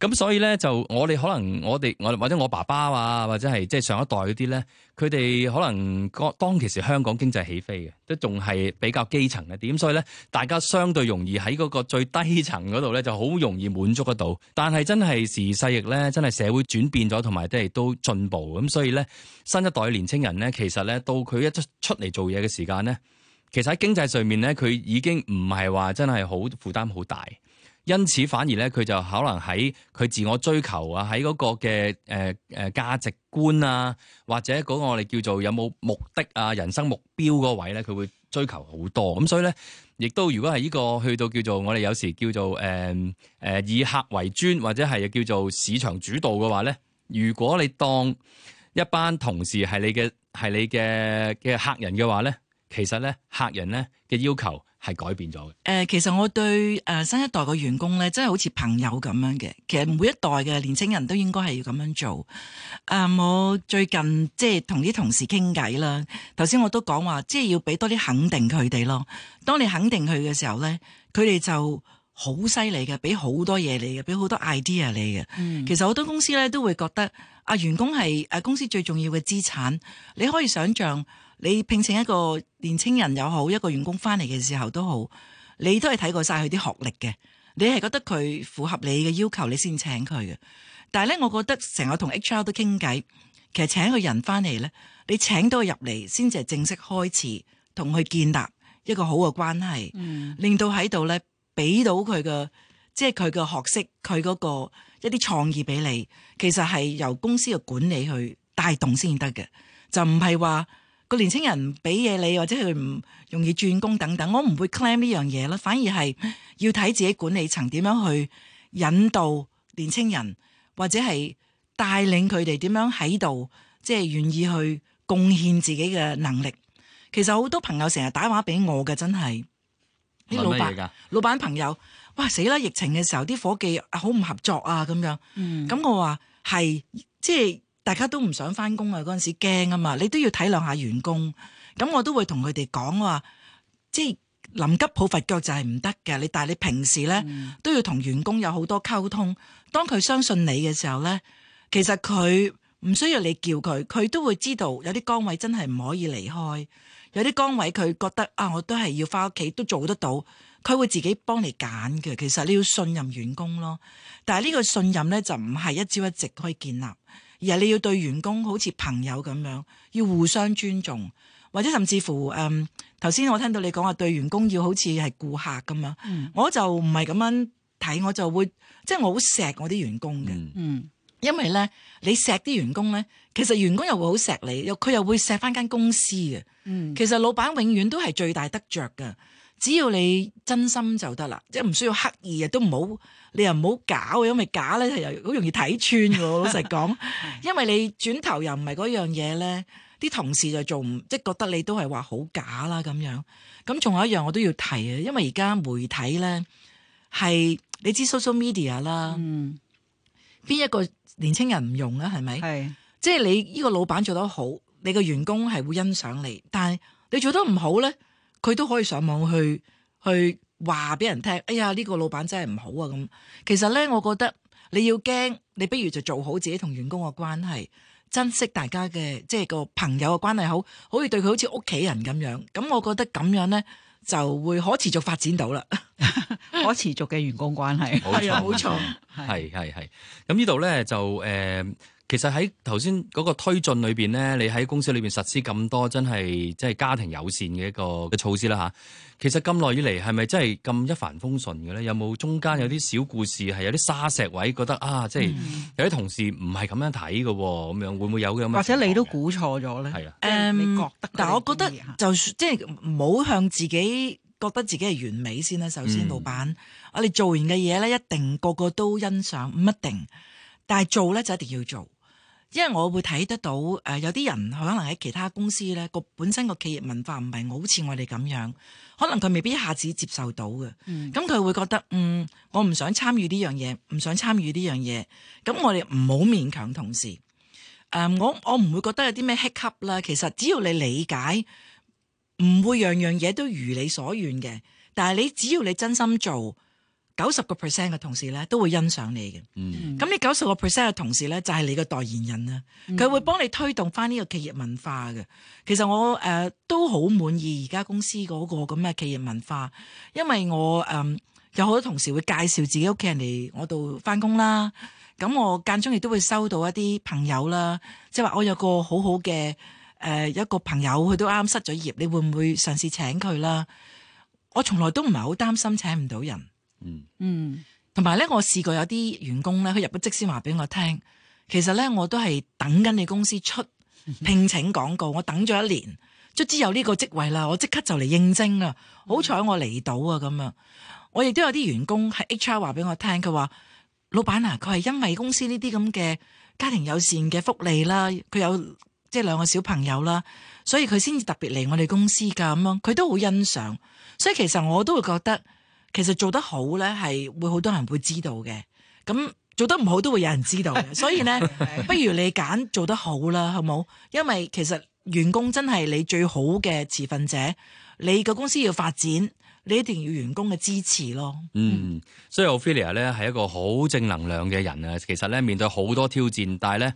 咁所以咧，就我哋可能我哋我哋，或者我爸爸啊，或者係即係上一代嗰啲咧，佢哋可能當其時香港經濟起飛嘅，都仲係比較基層嘅點，所以咧，大家相對容易喺嗰個最低層嗰度咧，就好容易滿足得到。但係真係時勢亦咧，真係社會轉變咗，同埋即係都進步咁，所以咧，新一代年青人咧，其實咧到佢一出出嚟做嘢嘅時間咧，其實喺經濟上面咧，佢已經唔係話真係好負擔好大。因此，反而咧，佢就可能喺佢自我追求啊，喺嗰個嘅誒誒價值觀啊，或者嗰個我哋叫做有冇目的啊、人生目標嗰位咧，佢會追求好多。咁所以咧，亦都如果係呢個去到叫做我哋有時叫做誒誒、呃呃、以客為尊，或者係叫做市場主導嘅話咧，如果你當一班同事係你嘅、係你嘅嘅客人嘅話咧，其實咧客人咧嘅要求。係改變咗嘅。誒、呃，其實我對誒、呃、新一代嘅員工咧，真係好似朋友咁樣嘅。其實每一代嘅年輕人都應該係要咁樣做。誒、呃，我最近即係同啲同事傾偈啦。頭先我都講話，即係要俾多啲肯定佢哋咯。當你肯定佢嘅時候咧，佢哋就好犀利嘅，俾好多嘢你嘅，俾好多 idea 你嘅。嗯。其實好多公司咧都會覺得，阿、呃、員工係誒、呃、公司最重要嘅資產。你可以想象。你聘請一個年青人又好，一個員工翻嚟嘅時候都好，你都係睇過晒佢啲學歷嘅。你係覺得佢符合你嘅要求，你先請佢嘅。但係咧，我覺得成日同 HR 都傾偈，其實請個人翻嚟咧，你請到佢入嚟先至係正式開始同佢建立一個好嘅關係，嗯、令到喺度咧俾到佢嘅，即係佢嘅學識，佢嗰個一啲創意俾你，其實係由公司嘅管理去帶動先得嘅，就唔係話。個年青人俾嘢你或者佢唔容易轉工等等，我唔會 claim 呢樣嘢啦。反而係要睇自己管理層點樣去引導年青人，或者係帶領佢哋點樣喺度，即係願意去貢獻自己嘅能力。其實好多朋友成日打電話俾我嘅，真係啲老闆、老闆朋友，哇死啦！疫情嘅時候啲伙計好唔合作啊，咁樣，咁、嗯、我話係即係。大家都唔想翻工啊！嗰陣時驚啊嘛，你都要體諒下員工。咁我都會同佢哋講話，即係臨急抱佛腳就係唔得嘅。你但係你平時咧、嗯、都要同員工有好多溝通。當佢相信你嘅時候咧，其實，佢唔需要你叫佢，佢都會知道有啲崗位真係唔可以離開，有啲崗位佢覺得啊，我都係要翻屋企都做得到，佢會自己幫你揀嘅。其實，你要信任員工咯。但係呢個信任咧就唔係一朝一夕可以建立。而你要對員工好似朋友咁樣，要互相尊重，或者甚至乎誒，頭先、嗯、我聽到你講話對員工要好似係顧客咁樣，嗯、我就唔係咁樣睇，我就會即係、就是、我好錫我啲員工嘅，嗯、因為咧你錫啲員工咧，其實員工又會好錫你，又佢又會錫返間公司嘅，嗯、其實老闆永遠都係最大得着嘅。只要你真心就得啦，即係唔需要刻意，亦都唔好你又唔好假，因為假咧又好容易睇穿。老實講， [laughs] 因為你轉頭又唔係嗰樣嘢咧，啲 [laughs] 同事就做唔即係覺得你都係話好假啦咁樣。咁仲有一樣我都要提啊，因為而家媒體咧係你知 social media 啦，嗯、邊一個年青人唔用啊？係咪？係是即係你呢個老闆做得好，你個員工係會欣賞你，但係你做得唔好咧。佢都可以上網去去話俾人聽，哎呀呢個老闆真係唔好啊！咁其實呢，我覺得你要驚，你不如就做好自己同員工嘅關係，珍惜大家嘅即係個朋友嘅關係好，好好似對佢好似屋企人咁樣。咁我覺得咁樣呢，就會可持續發展到啦， [laughs] 可持續嘅員工關係。係啊，冇錯，係係係。咁呢度呢，就誒。呃其實喺頭先嗰個推進裏邊咧，你喺公司裏邊實施咁多真係即係家庭友善嘅一個措施啦嚇。其實咁耐以嚟係咪真係咁一帆風順嘅咧？有冇中間有啲小故事係有啲沙石位覺得啊？即係有啲同事唔係咁樣睇嘅喎，咁樣會唔會有嘅？或者你都估錯咗咧？係啊，覺得？Um, 但係我覺得就即係唔好向自己覺得自己係完美先啦。首先，老闆，嗯、我哋做完嘅嘢咧，一定個個都欣賞唔一定。但係做咧就一定要做。因為我會睇得到，誒、呃、有啲人可能喺其他公司咧，個本身個企業文化唔係我好似我哋咁樣，可能佢未必一下子接受到嘅，咁佢、嗯、會覺得，嗯，我唔想參與呢樣嘢，唔想參與呢樣嘢，咁我哋唔好勉強同事。誒、呃，我我唔會覺得有啲咩 hit up 啦。其實只要你理解，唔會樣樣嘢都如你所願嘅。但係你只要你真心做。九十個 percent 嘅同事咧，都會欣賞你嘅。嗯，咁你九十個 percent 嘅同事咧，就係、是、你嘅代言人啦。佢、嗯、會幫你推動翻呢個企業文化嘅。其實我誒、呃、都好滿意而家公司嗰個咁嘅企業文化，因為我誒、呃、有好多同事會介紹自己屋企人嚟我度翻工啦。咁我間中亦都會收到一啲朋友啦，即係話我有個好好嘅誒一個朋友，佢都啱失咗業，你會唔會嘗試請佢啦？我從來都唔係好擔心請唔到人。嗯，同埋咧，我試過有啲員工咧，佢入咗職先話俾我聽，其實咧，我都係等緊你公司出聘請廣告，我等咗一年，卒之有呢個職位啦，我即刻就嚟應徵啦。好彩我嚟到啊，咁樣，我亦都有啲員工係 HR 話俾我聽，佢話老闆啊，佢係因為公司呢啲咁嘅家庭友善嘅福利啦，佢有即係兩個小朋友啦，所以佢先至特別嚟我哋公司噶咁樣，佢都好欣賞，所以其實我都會覺得。其實做得好咧，係會好多人會知道嘅。咁做得唔好都會有人知道嘅。 [laughs] 所以咧，不如你揀做得好啦，好冇？因為其實員工真係你最好嘅持份者，你嘅公司要發展，你一定要員工嘅支持咯。嗯，所以 Ophelia 咧係一個好正能量嘅人啊。其實咧，面對好多挑戰，但係咧，誒、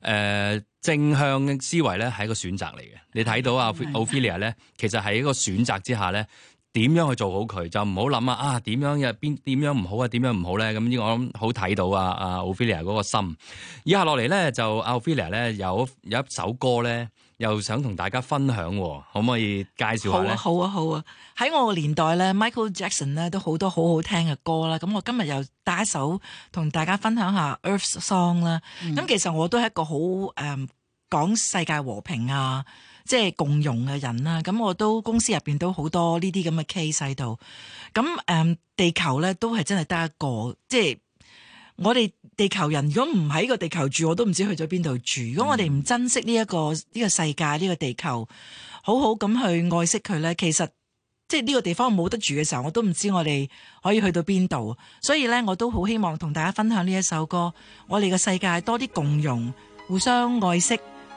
呃、正向思維咧係一個選擇嚟嘅。你睇到啊 [laughs] Ophelia 咧，其實喺一個選擇之下咧。點樣去做好佢就唔、啊、好諗啊，啊！啊，點樣又邊點樣唔好啊？點樣唔好咧？咁呢個我諗好睇到啊！Ophelia 嗰個心以下落嚟咧，就 Ophelia 咧有有一首歌咧，又想同大家分享，可唔可以介紹下？好啊，好啊，好啊！喺我個年代咧，Michael Jackson 咧都好多好好聽嘅歌啦。咁我今日又帶一首同大家分享下《Earth Song》啦。咁、嗯、其實我都係一個好誒，講世界和平啊。即係共融嘅人啦，咁我都公司入邊都好多呢啲咁嘅 case 喺度。咁誒，地球呢都係真係得一個，即係我哋地球人如果唔喺個地球住，我都唔知去咗邊度住。嗯、如果我哋唔珍惜呢、這、一個呢、呢個世界呢、呢個地球，好好咁去愛惜佢呢。其實即係呢個地方冇得住嘅時候，我都唔知我哋可以去到邊度。所以呢，我都好希望同大家分享呢一首歌，我哋嘅世界多啲共融，互相愛惜。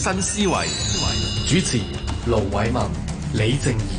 新思維，思維主持：盧偉民、李靜宜。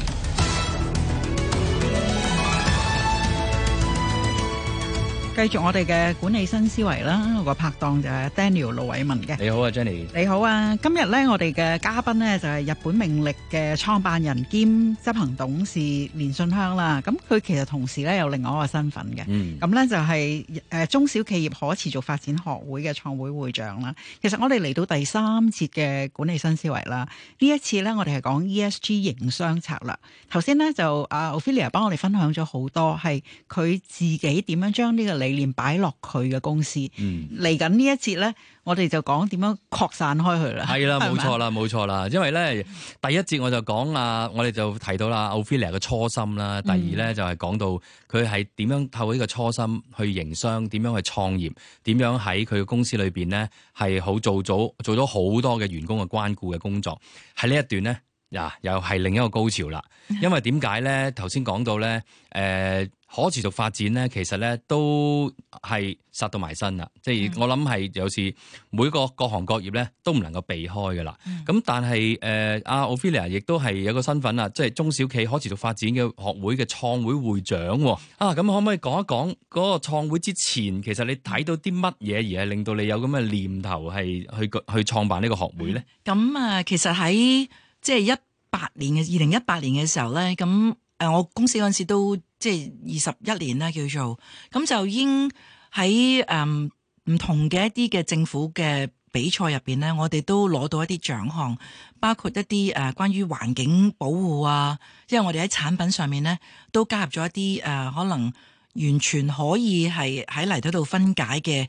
繼續我哋嘅管理新思維啦，我個拍檔就係 Daniel 盧偉民嘅。你好啊，Jenny。你好啊，今日咧我哋嘅嘉賓咧就係、是、日本命力嘅創辦人兼執行董事連舜香啦。咁佢其實同時咧有另外一個身份嘅，咁咧、嗯、就係誒中小企業可持續發展學會嘅創會會長啦。其實我哋嚟到第三節嘅管理新思維啦，呢一次咧我哋係講 ESG 營商策略。頭先咧就阿 Ophelia 幫我哋分享咗好多，係佢自己點樣將呢個理。理念擺落佢嘅公司，嚟緊、嗯、呢一節咧，我哋就講點樣擴散開去啦。係啦、嗯，冇錯啦，冇錯啦。因為咧，第一節我就講啊，我哋就提到啦，Ophelia 嘅初心啦。第二咧就係、是、講到佢係點樣透過呢個初心去營商，點樣去創業，點樣喺佢嘅公司裏邊咧係好做咗做咗好多嘅員工嘅關顧嘅工作。喺呢一段咧，嗱又係另一個高潮啦。因為點解咧？頭先講到咧，誒、呃。可持續發展咧，其實咧都係殺到埋身啦，嗯、即係我諗係有時每個各行各業咧都唔能夠避開嘅啦。咁、嗯、但係誒，阿 Ofelia 亦都係有個身份啊，即係中小企可持續發展嘅學會嘅創會會長啊。咁可唔可以講一講嗰個創會之前其會，其實你睇到啲乜嘢而係令到你有咁嘅念頭係去去創辦呢個學會咧？咁啊，其實喺即係一八年嘅二零一八年嘅時候咧，咁。誒、呃，我公司嗰陣時都即係二十一年啦，叫做咁就已經喺誒唔同嘅一啲嘅政府嘅比賽入邊咧，我哋都攞到一啲獎項，包括一啲誒、呃、關於環境保護啊，因為我哋喺產品上面咧都加入咗一啲誒、呃、可能完全可以係喺泥土度分解嘅誒、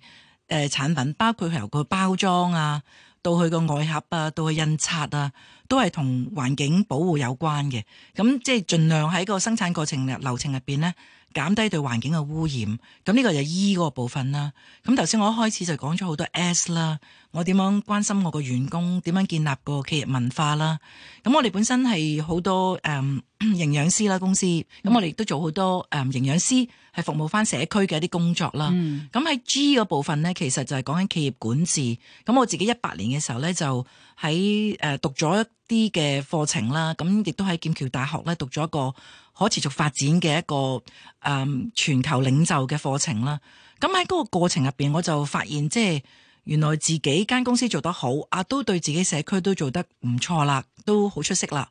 呃、產品，包括由個包裝啊到去個外盒啊到去印刷啊。都係同環境保護有關嘅，咁即係盡量喺個生產過程流程入邊咧。減低對環境嘅污染，咁、這、呢個就係 E 嗰個部分啦。咁頭先我一開始就講咗好多 S 啦，我點樣關心我個員工，點樣建立個企業文化啦。咁我哋本身係好多誒、呃、營養師啦公司，咁我哋亦都做好多誒、呃、營養師係服務翻社區嘅一啲工作啦。咁喺、嗯、G 嗰部分呢，其實就係講緊企業管治。咁我自己一八年嘅時候呢，就喺誒讀咗一啲嘅課程啦。咁亦都喺劍橋大學咧讀咗一個。可持續發展嘅一個誒、嗯、全球領袖嘅課程啦，咁喺嗰個過程入邊，我就發現即係原來自己間公司做得好，啊都對自己社區都做得唔錯啦，都好出色啦。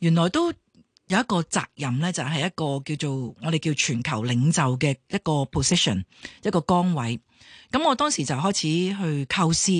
原來都有一個責任呢，就係、是、一個叫做我哋叫全球領袖嘅一個 position 一個崗位。咁我當時就開始去構思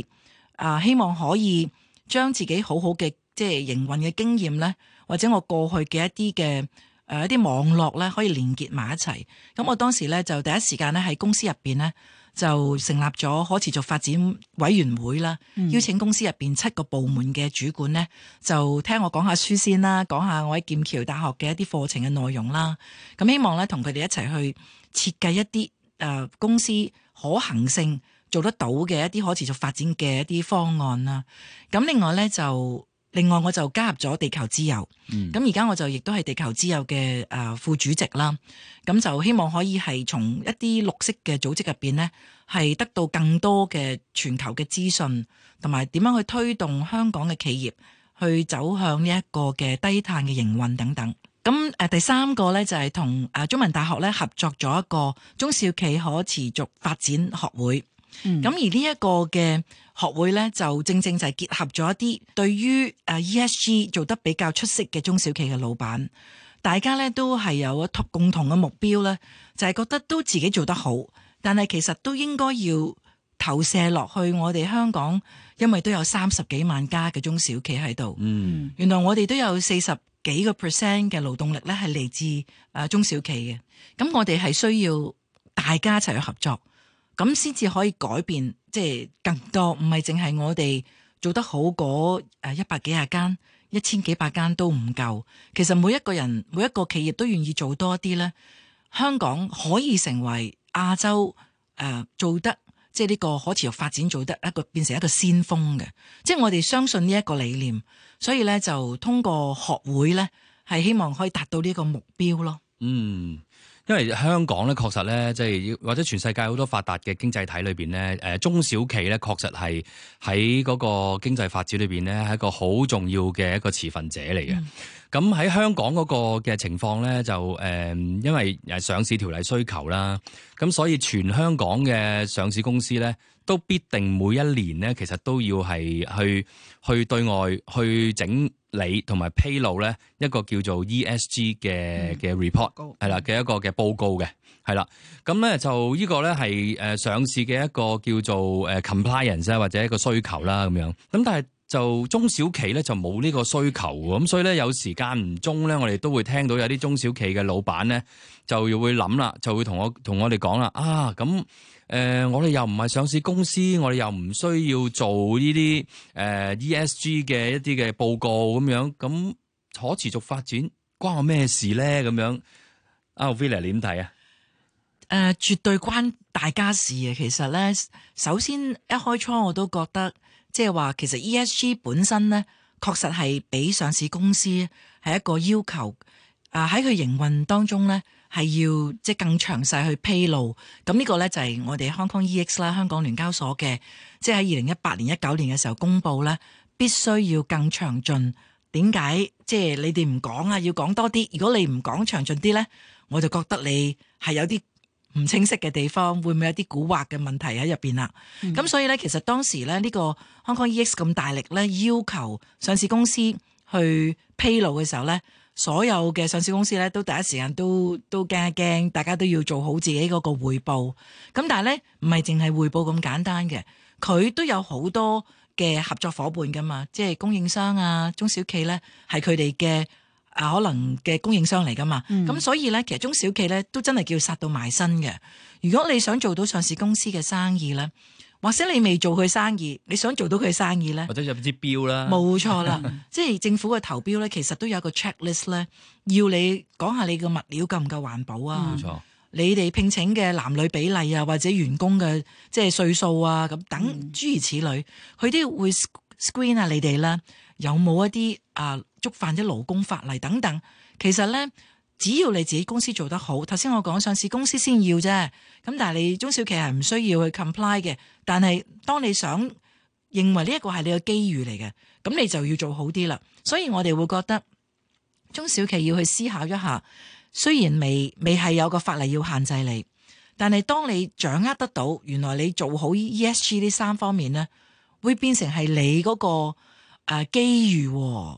啊，希望可以將自己好好嘅即係營運嘅經驗呢，或者我過去嘅一啲嘅。誒、啊、一啲網絡咧可以連結埋一齊，咁我當時咧就第一時間咧喺公司入邊咧就成立咗可持續發展委員會啦，嗯、邀請公司入邊七個部門嘅主管咧就聽我講下書先啦，講下我喺劍橋大學嘅一啲課程嘅內容啦，咁希望咧同佢哋一齊去設計一啲誒、呃、公司可行性做得到嘅一啲可持續發展嘅一啲方案啦，咁另外咧就。另外，我就加入咗地球之友，咁而家我就亦都係地球之友嘅啊副主席啦。咁就希望可以係從一啲綠色嘅組織入邊咧，係得到更多嘅全球嘅資訊，同埋點樣去推動香港嘅企業去走向呢一個嘅低碳嘅營運等等。咁誒第三個咧就係同誒中文大學咧合作咗一個中小企可持續發展學會。咁、嗯、而呢一個嘅學會呢，就正正就係結合咗一啲對於誒 ESG 做得比較出色嘅中小企嘅老闆，大家呢都係有一共同嘅目標呢就係、是、覺得都自己做得好，但係其實都應該要投射落去我哋香港，因為都有三十幾萬家嘅中小企喺度。嗯、原來我哋都有四十幾個 percent 嘅勞動力呢係嚟自誒中小企嘅，咁我哋係需要大家一齊去合作。咁先至可以改變，即係更多，唔係淨係我哋做得好嗰誒一百幾廿間、一千幾百間都唔夠。其實每一個人、每一個企業都願意做多啲咧，香港可以成為亞洲誒、呃、做得，即係呢個可持續發展做得一個變成一個先鋒嘅。即係我哋相信呢一個理念，所以咧就通過學會咧，係希望可以達到呢個目標咯。嗯。因為香港咧，確實咧，即係或者全世界好多發達嘅經濟體裏邊咧，誒中小企咧，確實係喺嗰個經濟發展裏邊咧，係一個好重要嘅一個持份者嚟嘅。咁喺、嗯、香港嗰個嘅情況咧，就誒因為上市條例需求啦，咁所以全香港嘅上市公司咧，都必定每一年咧，其實都要係去去對外去整理同埋披露咧一個叫做 ESG 嘅嘅 report，係啦嘅一個嘅報告嘅，係啦。咁咧就呢個咧係誒上市嘅一個叫做誒 compliance 或者一個需求啦咁樣。咁但係就中小企咧就冇呢個需求㗎，咁所以咧有時間唔中咧，我哋都會聽到有啲中小企嘅老闆咧就會諗啦，就會同我同我哋講啦啊咁。誒、呃，我哋又唔係上市公司，我哋又唔需要做呢啲誒、呃、ESG 嘅一啲嘅報告咁樣，咁可持續發展關我咩事咧？咁樣，阿 Villa 你點睇啊？誒，絕對關大家事嘅。其實咧，首先一開初我都覺得，即係話其實 ESG 本身咧，確實係畀上市公司係一個要求。啊！喺佢營運當中咧，係要即係更詳細去披露。咁呢個咧就係、是、我哋 Hong Kong E X 啦，香港聯交所嘅，即喺二零一八年、一九年嘅時候公佈咧，必須要更詳盡。點解？即、就、係、是、你哋唔講啊，要講多啲。如果你唔講詳盡啲咧，我就覺得你係有啲唔清晰嘅地方，會唔會有啲蠱惑嘅問題喺入邊啊？咁、嗯、所以咧，其實當時咧，呢、這個 Hong Kong E X 咁大力咧，要求上市公司去披露嘅時候咧。所有嘅上市公司咧，都第一時間都都驚驚，大家都要做好自己嗰個匯報。咁但係咧，唔係淨係匯報咁簡單嘅，佢都有好多嘅合作伙伴㗎嘛，即係供應商啊、中小企咧，係佢哋嘅啊可能嘅供應商嚟㗎嘛。咁、嗯、所以咧，其實中小企咧都真係叫殺到埋身嘅。如果你想做到上市公司嘅生意咧，或者你未做佢生意，你想做到佢生意咧？或者入邊支標啦，冇錯啦， [laughs] 即係政府嘅投標咧，其實都有一個 checklist 咧，要你講下你個物料夠唔夠環保啊？冇、嗯、錯，你哋聘請嘅男女比例啊，或者員工嘅即係歲數啊，咁等諸、嗯、如此類，佢啲會 screen 下、啊、你哋啦，有冇一啲啊觸犯咗勞工法例等等？其實咧。只要你自己公司做得好，頭先我講上市公司先要啫，咁但係你中小企係唔需要去 comply 嘅，但係當你想認為呢一個係你嘅機遇嚟嘅，咁你就要做好啲啦。所以我哋會覺得中小企要去思考一下，雖然未未係有個法例要限制你，但係當你掌握得到，原來你做好 ESG 呢三方面咧，會變成係你嗰個誒機遇，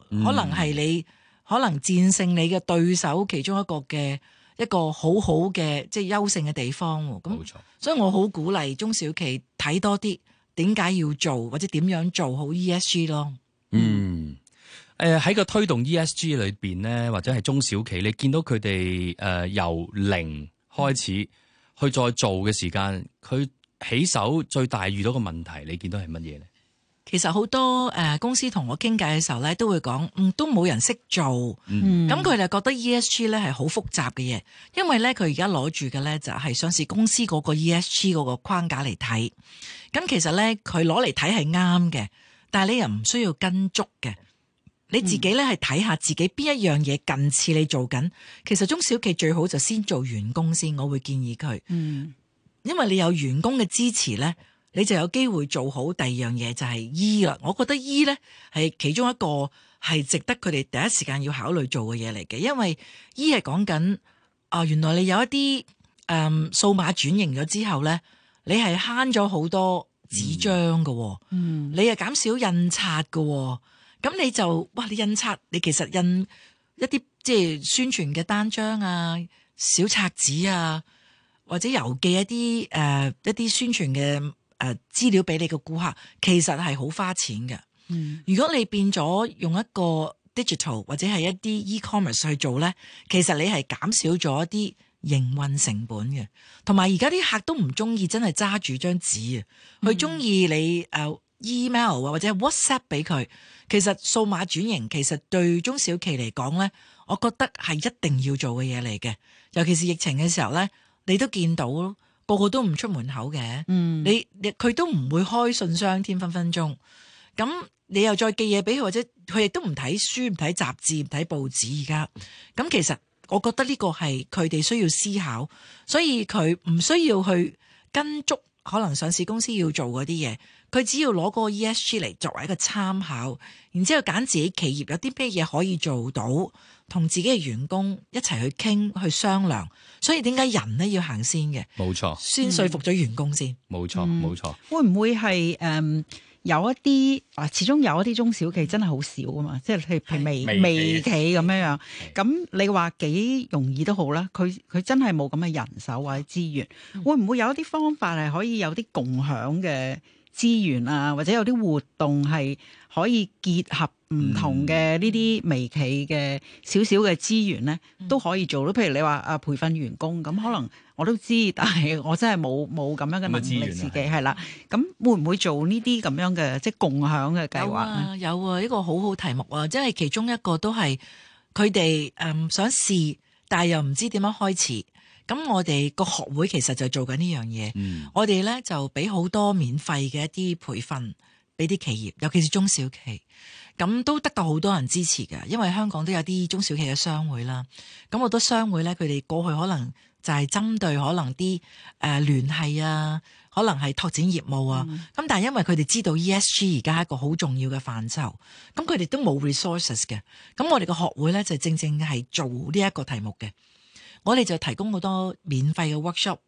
嗯、可能係你。可能戰勝你嘅對手其中一個嘅一個好好嘅即係優勝嘅地方，咁，冇錯。錯所以我好鼓勵中小企睇多啲點解要做或者點樣做好 ESG 咯。嗯，誒、呃，喺個推動 ESG 裏邊咧，或者係中小企，你見到佢哋誒由零開始去再做嘅時間，佢起手最大遇到嘅問題，你見到係乜嘢咧？其實好多誒、呃、公司同我傾偈嘅時候咧，都會講，嗯，都冇人識做，咁佢就覺得 ESG 咧係好複雜嘅嘢，因為咧佢而家攞住嘅咧就係上市公司嗰個 ESG 嗰個框架嚟睇，咁其實咧佢攞嚟睇係啱嘅，但係你又唔需要跟足嘅，你自己咧係睇下自己邊一樣嘢近似你做緊，其實中小企最好就先做員工先，我會建議佢，嗯、因為你有員工嘅支持咧。你就有機會做好第二樣嘢，就係 E 啦。我覺得 E 咧係其中一個係值得佢哋第一時間要考慮做嘅嘢嚟嘅，因為 E 係講緊啊，原來你有一啲誒數碼轉型咗之後咧，你係慳咗好多紙張㗎喎，嗯、你係減少印刷㗎喎、哦，咁你就哇你印刷你其實印一啲即係宣傳嘅單張啊、小冊子啊，或者郵寄一啲誒、呃、一啲宣傳嘅。誒、啊、資料俾你嘅顧客其實係好花錢嘅。嗯，如果你變咗用一個 digital 或者係一啲 e-commerce 去做呢，其實你係減少咗一啲營運成本嘅。同埋而家啲客都唔中意真係揸住張紙啊，佢中意你誒、呃、email 或者 WhatsApp 俾佢。其實數碼轉型其實對中小企嚟講呢，我覺得係一定要做嘅嘢嚟嘅。尤其是疫情嘅時候呢，你都見到。個個都唔出門口嘅。嗯、你你佢都唔會開信箱添，分分鐘，咁你又再寄嘢俾佢，或者佢亦都唔睇書唔睇雜誌唔睇報紙而家。咁其實我覺得呢個係佢哋需要思考，所以佢唔需要去跟足可能上市公司要做嗰啲嘢，佢只要攞嗰個 ESG 嚟作為一個參考，然之後揀自己企業有啲咩嘢可以做到。同自己嘅員工一齊去傾去商量，所以點解人咧要行先嘅？冇錯，先説服咗員工先。冇錯，冇錯。會唔會係誒有一啲啊？始終有一啲中小企真係好少㗎嘛，即係譬譬微微企咁樣樣。咁你話幾容易都好啦，佢佢真係冇咁嘅人手或者資源。嗯、會唔會有一啲方法係可以有啲共享嘅資源啊？或者有啲活動係？可以結合唔同嘅呢啲微企嘅少少嘅資源咧，都可以做咯。譬如你話啊，培訓員工咁，可能我都知，但係我真係冇冇咁樣嘅能力自己係啦。咁、啊、會唔會做呢啲咁樣嘅即係共享嘅計劃？有啊，有啊，一、呢個好好題目啊！即係其中一個都係佢哋誒想試，但係又唔知點樣開始。咁我哋個學會其實就做緊、嗯、呢樣嘢。我哋咧就俾好多免費嘅一啲培訓。俾啲企業，尤其是中小企，咁都得到好多人支持嘅，因為香港都有啲中小企嘅商會啦。咁好多商會呢，佢哋過去可能就係針對可能啲誒聯繫啊，可能係拓展業務啊。咁、嗯、但係因為佢哋知道 ESG 而家係一個好重要嘅範疇，咁佢哋都冇 resources 嘅。咁我哋嘅學會呢，就正正係做呢一個題目嘅，我哋就提供好多免費嘅 workshop。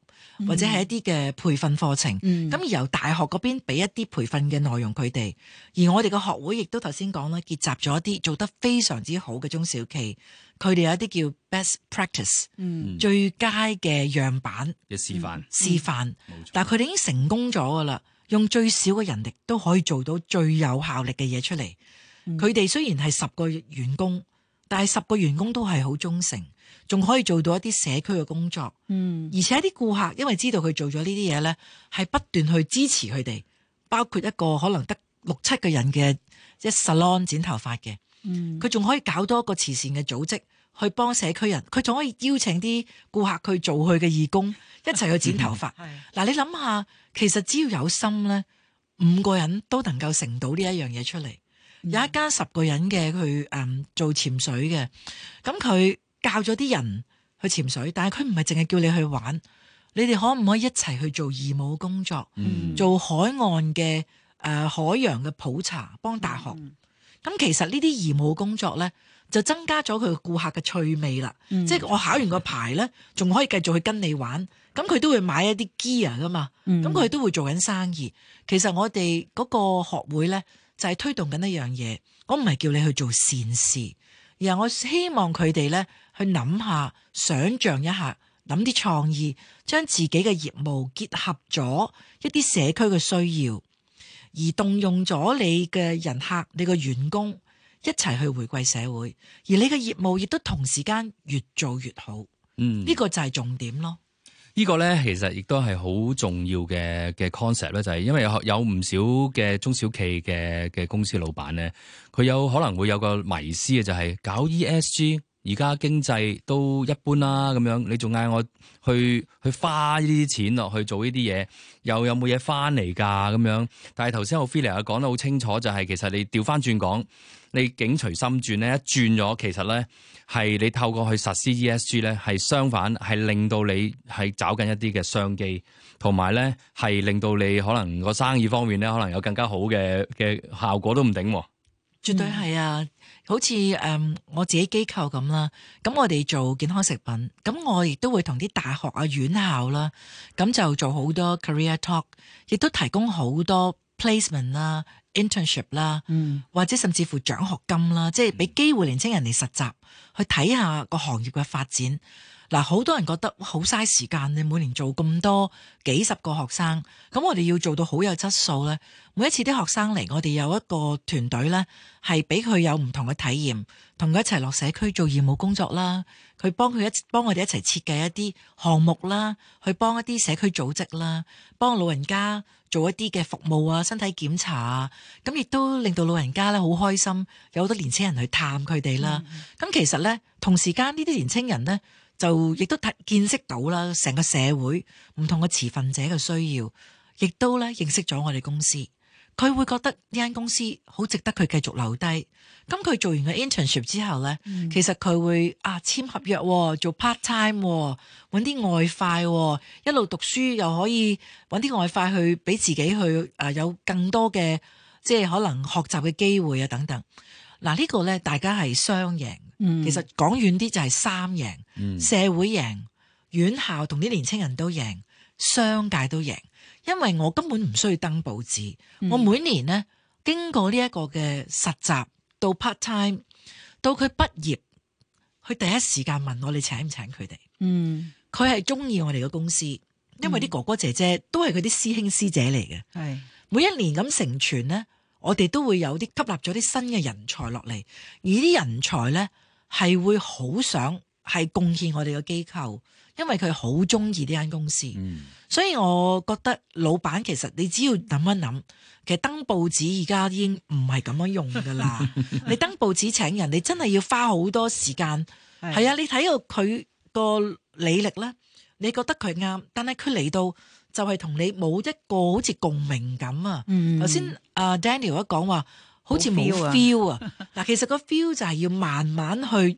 或者係一啲嘅培訓課程，咁、嗯、而由大學嗰邊俾一啲培訓嘅內容佢哋，而我哋嘅學會亦都頭先講啦，結集咗一啲做得非常之好嘅中小企，佢哋有一啲叫 best practice，、嗯、最佳嘅樣板嘅示範，示範，但係佢哋已經成功咗噶啦，用最少嘅人力都可以做到最有效力嘅嘢出嚟。佢哋、嗯、雖然係十個員工，但係十個員工都係好忠誠。仲可以做到一啲社區嘅工作，嗯，而且啲顧客因為知道佢做咗呢啲嘢咧，係不斷去支持佢哋，包括一個可能得六七個人嘅一 salon 剪頭髮嘅，嗯，佢仲可以搞多個慈善嘅組織去幫社區人，佢仲可以邀請啲顧客去做佢嘅義工，一齊去剪頭髮。係嗱， [laughs] 你諗下，其實只要有心咧，五個人都能夠成到呢一樣嘢出嚟。嗯、有一間十個人嘅佢誒做潛水嘅，咁、嗯、佢。教咗啲人去潛水，但係佢唔係淨係叫你去玩，你哋可唔可以一齊去做義務工作？嗯、做海岸嘅誒、呃、海洋嘅普查，幫大學。咁、嗯、其實呢啲義務工作呢，就增加咗佢顧客嘅趣味啦。嗯、即係我考完個牌呢，仲可以繼續去跟你玩。咁佢都會買一啲 gear 噶嘛，咁佢都會做緊生意。嗯、其實我哋嗰個學會呢，就係、是、推動緊一樣嘢。我唔係叫你去做善事。而我希望佢哋咧去諗下，想象一下，諗啲創意，將自己嘅業務結合咗一啲社區嘅需要，而動用咗你嘅人客、你嘅員工一齊去回饋社會，而你嘅業務亦都同時間越做越好。嗯，呢個就係重點咯。呢個咧其實亦都係好重要嘅嘅 concept 咧，就係因為有有唔少嘅中小企嘅嘅公司老闆咧，佢有可能會有個迷思嘅就係搞 ESG，而家經濟都一般啦咁樣，你仲嗌我去去花呢啲錢落去做呢啲嘢，又有冇嘢翻嚟㗎咁樣？但係頭先我 Ophelia 講得好清楚，就係其實你調翻轉講，你境隨心轉咧，一轉咗其實咧。係你透過去實施 ESG 咧，係相反，係令到你係找緊一啲嘅商機，同埋咧係令到你可能個生意方面咧，可能有更加好嘅嘅效果都唔定，啊。絕對係啊！好似誒、嗯、我自己機構咁啦，咁我哋做健康食品，咁我亦都會同啲大學啊、院校啦，咁就做好多 career talk，亦都提供好多 placement 啦。Internship 啦，In ship, 嗯，或者甚至乎獎學金啦，即係俾機會年青人嚟實習，去睇下個行業嘅發展。嗱，好多人覺得好嘥時間，你每年做咁多，幾十個學生，咁我哋要做到好有質素咧。每一次啲學生嚟，我哋有一個團隊咧，係俾佢有唔同嘅體驗，同佢一齊落社區做義務工作啦，佢幫佢一，幫我哋一齊設計一啲項目啦，去幫一啲社區組織啦，幫老人家。做一啲嘅服務啊，身體檢查啊，咁亦都令到老人家咧好開心，有好多年青人去探佢哋啦。咁、嗯、其實咧，同時間呢啲年青人咧，就亦都睇見識到啦，成個社會唔同嘅持份者嘅需要，亦都咧認識咗我哋公司。佢會覺得呢間公司好值得佢繼續留低。咁佢做完個 internship 之後呢，嗯、其實佢會啊簽合約、哦、做 part time，搵、哦、啲外快、哦，一路讀書又可以搵啲外快去俾自己去啊有更多嘅即係可能學習嘅機會啊等等。嗱、啊、呢、呢個呢，大家係雙贏，嗯、其實講遠啲就係三贏：嗯、社會贏、院校同啲年輕人都贏、商界都贏。因為我根本唔需要登報紙，嗯、我每年呢經過呢一個嘅實習到 part time，到佢畢業，佢第一時間問我你請唔請佢哋？嗯，佢係中意我哋嘅公司，因為啲哥哥姐姐都係佢啲師兄師姐嚟嘅。係、嗯、每一年咁成全呢，我哋都會有啲吸納咗啲新嘅人才落嚟，而啲人才呢，係會好想係貢獻我哋嘅機構。因為佢好中意呢間公司，嗯、所以我覺得老闆其實你只要諗一諗，其實登報紙而家已經唔係咁樣用噶啦。 [laughs] 你登報紙請人，你真係要花好多時間。係是啊，你睇到佢個履歷咧，你覺得佢啱，但係佢嚟到就係同你冇一個好似共鳴感啊。頭先阿 Daniel 一講話，好似冇 feel 啊。嗱、啊， [laughs] 其實個 feel 就係要慢慢去。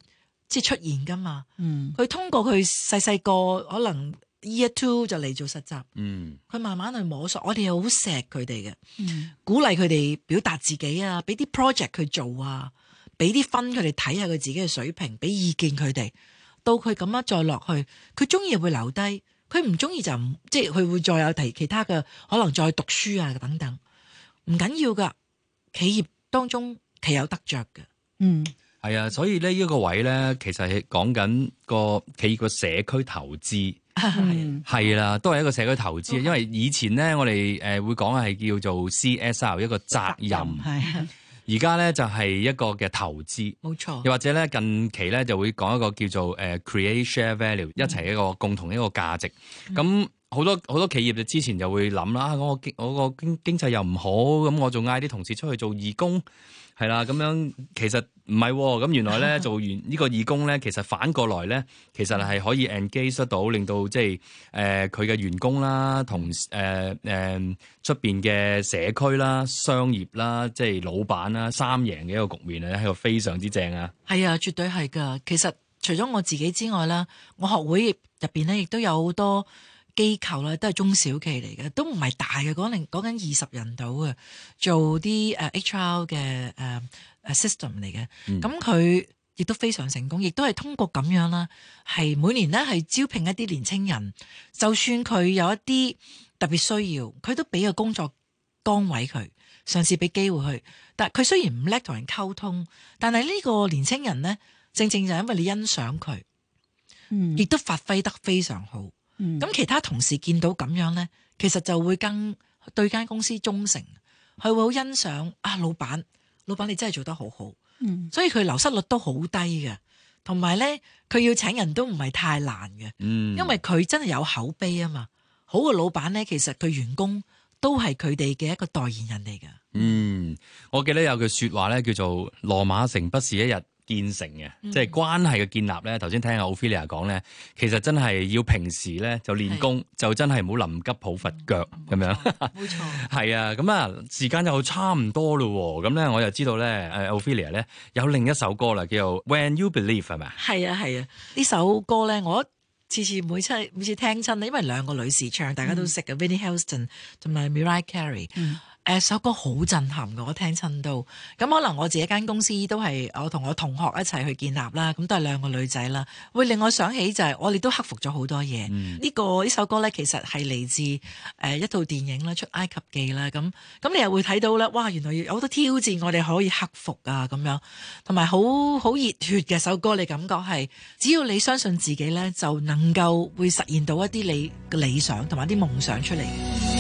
即出現噶嘛？佢、嗯、通過佢細細個可能 year two 就嚟做實習，佢、嗯、慢慢去摸索。我哋又好錫佢哋嘅，嗯、鼓勵佢哋表達自己啊，俾啲 project 佢做啊，俾啲分佢哋睇下佢自己嘅水平，俾意見佢哋。到佢咁樣再落去，佢中意會留低，佢唔中意就唔即係佢會再有提其他嘅可能再讀書啊等等，唔緊要噶。企業當中其有得着嘅，嗯。係啊，所以呢一個位咧，其實係講緊個企業個社區投資，係啦， [laughs] 都係一個社區投資。 [laughs] 因為以前咧，我哋誒會講係叫做 CSR 一個責任，係而家咧就係、是、一個嘅投資，冇錯。又或者咧近期咧就會講一個叫做誒 create share value 一齊一個共同一個價值。咁好、嗯、多好多企業就之前就會諗啦、啊，我經我個經經濟又唔好，咁我仲嗌啲同事出去做義工。係啦，咁樣其實唔係咁，原來咧做完呢個義工咧，其實反過來咧，其實係可以 engage 得到，令到即係誒佢嘅員工啦，同誒誒出邊嘅社區啦、商業啦，即係老闆啦，三贏嘅一個局面咧，喺度非常之正啊！係啊，絕對係噶。其實除咗我自己之外啦，我學會入邊咧，亦都有好多。機構咧、啊、都係中小企嚟嘅，都唔係大嘅。講緊二十人到嘅做啲誒 H R 嘅誒誒 system 嚟嘅。咁佢亦都非常成功，亦都係通過咁樣啦，係每年咧係招聘一啲年青人。就算佢有一啲特別需要，佢都俾個工作崗位佢，嘗試俾機會佢。但佢雖然唔叻同人溝通，但係呢個年青人咧，正正就係因為你欣賞佢，亦、嗯、都發揮得非常好。咁、嗯、其他同事見到咁樣呢，其實就會更對間公司忠誠，佢會好欣賞啊！老闆，老闆你真係做得好好，嗯、所以佢流失率都好低嘅。同埋呢，佢要請人都唔係太難嘅，因為佢真係有口碑啊嘛。好嘅老闆呢，其實佢員工都係佢哋嘅一個代言人嚟嘅。嗯，我記得有句説話呢，叫做羅馬城不是一日建成嘅，即係關係嘅建立咧。頭先聽阿 Ophelia 講咧，其實真係要平時咧就練功，的就真係唔好臨急抱佛腳咁、嗯、樣。冇錯錯，係啊。 [laughs] 咁啊，時間又差唔多咯喎。咁咧，我又知道咧，誒 Ophelia 咧有另一首歌啦，叫做 When You Believe 係咪？係啊係啊，呢首歌咧，我次每次每出每次聽親咧，因為兩個女士唱，大家都識嘅 Whitney Houston 同埋 Mariah Carey。嗯誒、uh, 首歌好震撼嘅，我聽親到。咁可能我自己間公司都係我同我同學一齊去建立啦，咁都係兩個女仔啦。會令我想起就係我哋都克服咗好多嘢。呢、嗯呢個呢首歌呢，其實係嚟自誒、呃、一套電影啦，《出埃及記》啦。咁咁你又會睇到咧，哇！原來有好多挑戰，我哋可以克服啊，咁樣同埋好好熱血嘅首歌。你感覺係只要你相信自己呢，就能夠會實現到一啲你嘅理想同埋啲夢想出嚟。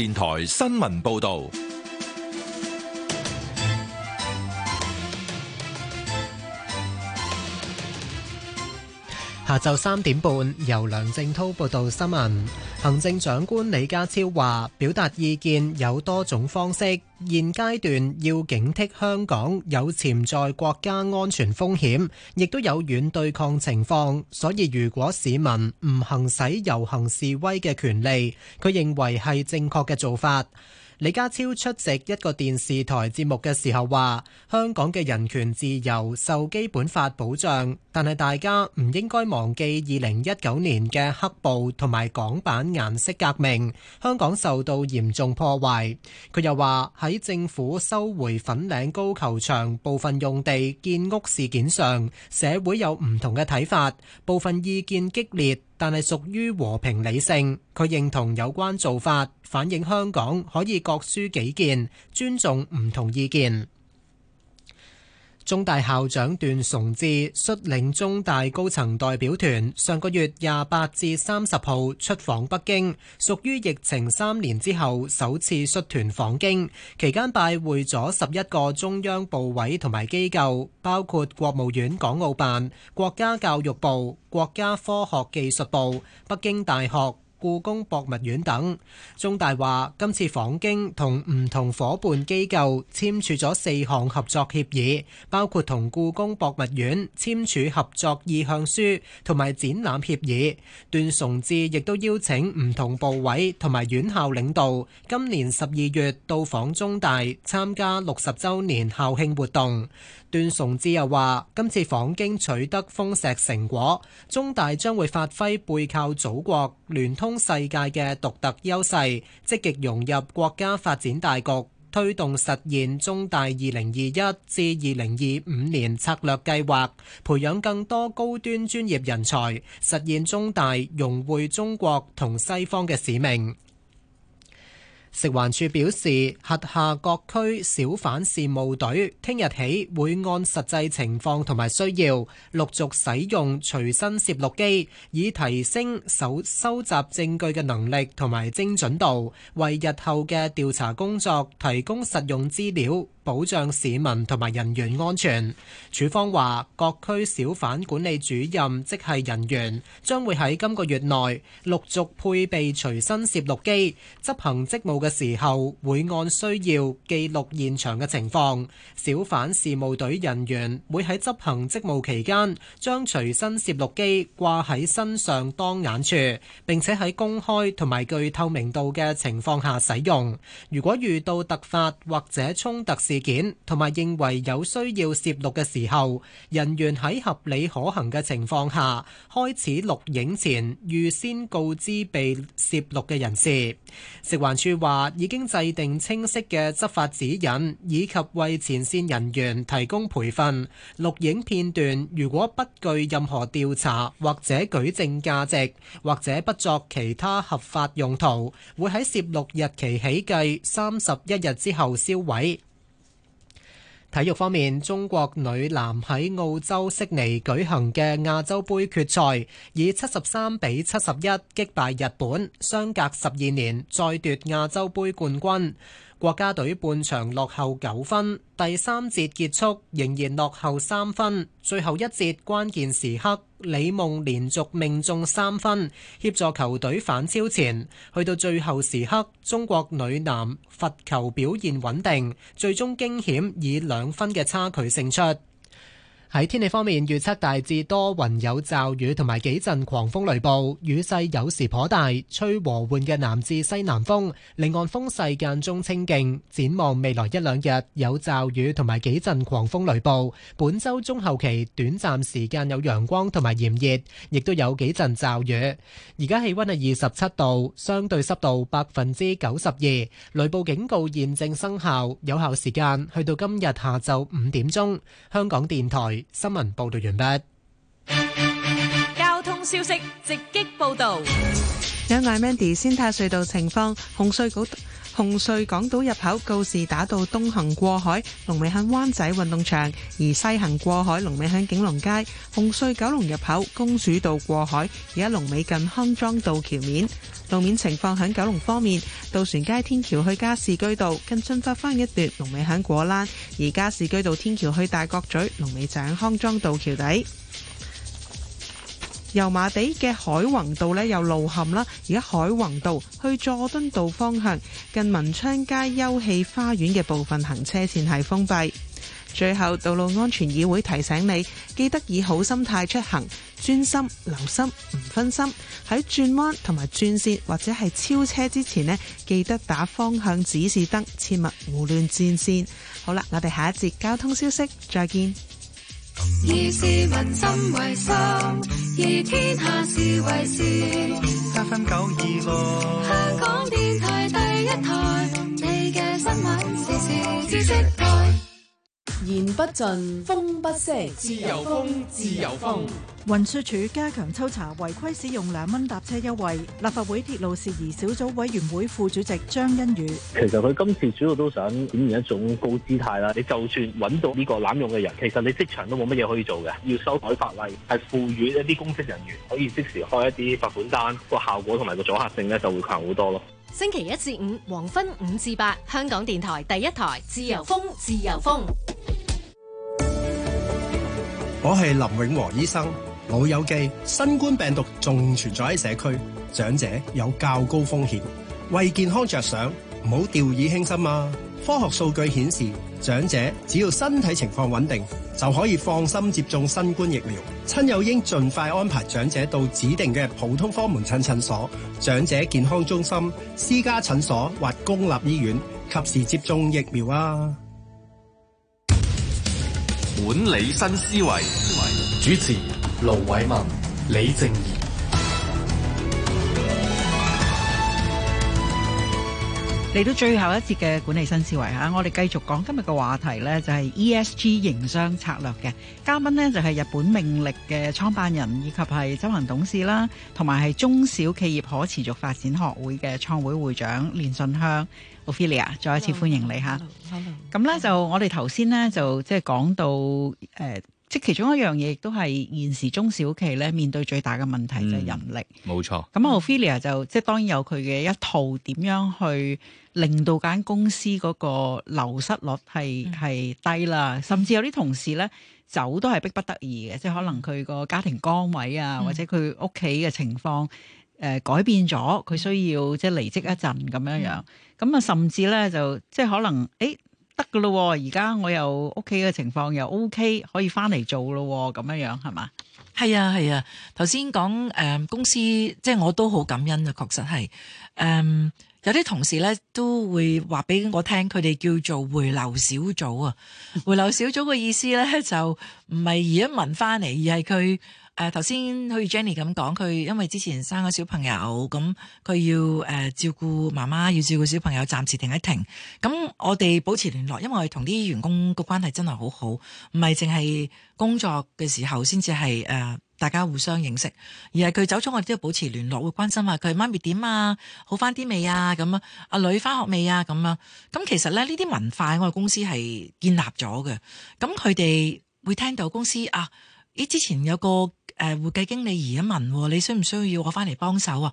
電台新聞報道，下晝三點半由梁正濤報道新聞。行政長官李家超話，表達意見有多種方式，現階段要警惕香港有潛在國家安全風險，亦都有軟對抗情況，所以如果市民唔行使遊行示威嘅權利，佢認為係正確嘅做法。李家超出席一個電視台節目嘅時候話，香港嘅人權自由受基本法保障，但係大家唔應該忘記二零一九年嘅黑暴同埋港版顏色革命，香港受到嚴重破壞。佢又話喺政府收回粉嶺高球場部分用地建屋事件上，社會有唔同嘅睇法，部分意見激烈。但係屬於和平理性，佢認同有關做法，反映香港可以各抒己見，尊重唔同意見。中大校長段崇智率領中大高層代表團上個月廿八至三十號出訪北京，屬於疫情三年之後首次率團訪京，期間拜會咗十一個中央部委同埋機構，包括國務院港澳辦、國家教育部、國家科學技術部、北京大學。故宮博物院等，中大話今次訪京同唔同伙伴機構簽署咗四項合作協議，包括同故宮博物院簽署合作意向書同埋展覽協議。段崇智亦都邀請唔同部委同埋院校領導今年十二月到訪中大參加六十週年校慶活動。段崇智又話，今次訪京取得豐碩成果，中大將會發揮背靠祖國、聯通世界嘅獨特優勢，積極融入國家發展大局，推動實現中大二零二一至二零二五年策略計劃，培養更多高端專業人才，實現中大融匯中國同西方嘅使命。食環署表示，轄下各區小販事務隊聽日起會按實際情況同埋需要，陸續使用隨身攝錄機，以提升搜收集證據嘅能力同埋精準度，為日後嘅調查工作提供實用資料。保障市民同埋人員安全。署方話，各區小販管理主任即係人員將會喺今個月內陸續配備隨身攝錄機，執行職務嘅時候會按需要記錄現場嘅情況。小販事務隊人員會喺執行職務期間將隨身攝錄機掛喺身上當眼處，並且喺公開同埋具透明度嘅情況下使用。如果遇到突發或者衝突事件同埋認為有需要攝錄嘅時候，人員喺合理可行嘅情況下開始錄影前，預先告知被攝錄嘅人士。食環署話已經制定清晰嘅執法指引，以及為前線人員提供培訓。錄影片段如果不具任何調查或者舉證價值，或者不作其他合法用途，會喺攝錄日期起計三十一日之後銷毀。體育方面，中國女籃喺澳洲悉尼舉行嘅亞洲盃決賽，以七十三比七十一擊敗日本，相隔十二年再奪亞洲盃冠軍。國家隊半場落後九分，第三節結束仍然落後三分。最後一節關鍵時刻，李夢連續命中三分，協助球隊反超前。去到最後時刻，中國女籃罰球表現穩定，最終驚險以兩分嘅差距勝出。喺天氣方面預測，測大致多雲有驟雨同埋幾陣狂風雷暴，雨勢有時頗大，吹和緩嘅南至西南風。離岸風勢間中清勁。展望未來一兩日有驟雨同埋幾陣狂風雷暴。本周中後期短暫時間有陽光同埋炎熱，亦都有幾陣驟雨。而家氣溫係二十七度，相對濕度百分之九十二。雷暴警告現正生效，有效時間去到今日下晝五點鐘。香港電台。新聞報道完畢。交通消息直擊報道。有外 Mandy，先睇隧道情況。紅隧港紅隧港島入口告示打到東行過海龍尾響灣仔運動場，而西行過海龍尾響景龍街。紅隧九龍入口公主道過海，而家龍尾近康莊道橋面。路面情況喺九龍方面，渡船街天橋去加士居道近晉發翻一段，龍尾喺果欄；而加士居道天橋去大角咀龍尾就喺康莊道橋底。油麻地嘅海泓道呢，有路陷啦，而家海泓道去佐敦道方向近文昌街休憩花園嘅部分行車線係封閉。最後，道路安全議會提醒你，記得以好心態出行，專心留心，唔分心。喺轉彎同埋轉線或者係超車之前呢，記得打方向指示燈，切勿胡亂佔線。好啦，我哋下一節交通消息，再見。以市民心為心，以天下事為事，七分九二六，香港電台第一台，你嘅新聞時事知識台。言不盡，風不息，自由風，自由風。運輸署加強抽查，違規使用兩蚊搭車優惠。立法會鐵路事宜小組委員會副主席張欣宇：其實佢今次主要都想展現一種高姿態啦。你就算揾到呢個濫用嘅人，其實你職場都冇乜嘢可以做嘅。要修改法例，係賦予一啲公職人員可以即時開一啲罰款單，個效果同埋個阻嚇性咧就會強好多咯。星期一至五，黃昏五至八，香港電台第一台，自由風，自由風。我係林永和醫生，老友記，新冠病毒仲存在喺社區，長者有較高風險，為健康着想，唔好掉以輕心啊！科學數據顯示。長者只要身體情況穩定，就可以放心接種新冠疫苗。親友應盡快安排長者到指定嘅普通科門診診所、長者健康中心、私家診所或公立醫院，及時接種疫苗啊！管理新思維，主持盧偉民、李靜宜。嚟到最後一節嘅管理新思維嚇，我哋繼續講今日嘅話題呢就係 ESG 營商策略嘅嘉賓呢就係日本命力嘅創辦人以及係執行董事啦，同埋係中小企業可持續發展學會嘅創會會長連舜香 Ophelia，再一次歡迎你嚇。咁呢，就我哋頭先呢，就即係講到誒。即係其中一樣嘢，亦都係現時中小企咧面對最大嘅問題就係人力。冇錯、嗯。咁啊，Ophelia 就即係當然有佢嘅一套點樣去令到間公司嗰個流失率係係、嗯、低啦。甚至有啲同事咧走都係逼不得已嘅，即係可能佢個家庭崗位啊，或者佢屋企嘅情況誒、嗯呃、改變咗，佢需要即係離職一陣咁樣樣。咁啊、嗯，甚至咧就即係可能誒。誒得噶咯，而家我又屋企嘅情況又 OK，可以翻嚟做咯，咁樣樣係嘛？係啊係啊，頭先講誒，公司即係我都好感恩啊，確實係，誒、呃、有啲同事咧都會話俾我聽，佢哋叫做回流小組啊，回流小組嘅意思咧 [laughs] 就唔係而家聞翻嚟，而係佢。誒頭先好似 Jenny 咁講，佢因為之前生個小朋友，咁佢要誒、呃、照顧媽媽，要照顧小朋友，暫時停一停。咁、嗯、我哋保持聯絡，因為我哋同啲員工個關係真係好好，唔係淨係工作嘅時候先至係誒大家互相認識，而係佢走咗，我哋都要保持聯絡，會關心下佢媽咪點啊，好翻啲未啊？咁、嗯、啊，阿女翻學未啊？咁、嗯、啊，咁、嗯、其實咧呢啲文化我哋公司係建立咗嘅。咁佢哋會聽到公司啊，咦之前有個。誒會計經理而一問、哦，你需唔需要我翻嚟幫手啊？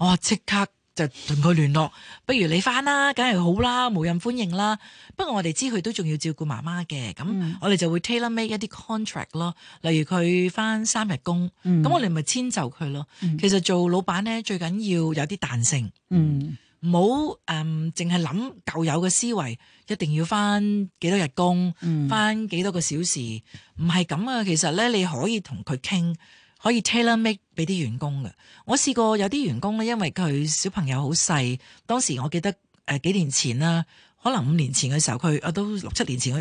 我即、嗯哦、刻就同佢聯絡，不如你翻啦，梗係好啦，無任歡迎啦。不過我哋知佢都仲要照顧媽媽嘅，咁、嗯嗯、我哋就會 tailor make 一啲 contract 咯。例如佢翻三日工，咁、嗯、我哋咪遷就佢咯。嗯、其實做老闆咧，最緊要有啲彈性。嗯嗯唔好誒，淨係諗舊有嘅思維，一定要翻幾多日工，翻、嗯、幾多個小時，唔係咁啊！其實咧，你可以同佢傾，可以 tailor make 俾啲員工嘅。我試過有啲員工咧，因為佢小朋友好細，當時我記得誒、呃、幾年前啦，可能五年前嘅時候，佢我都六七年前佢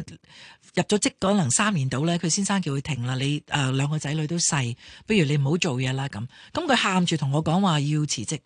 入咗職，可能三年到咧，佢先生叫佢停啦，你誒兩、呃、個仔女都細，不如你唔好做嘢啦咁。咁佢喊住同我講話要辭職，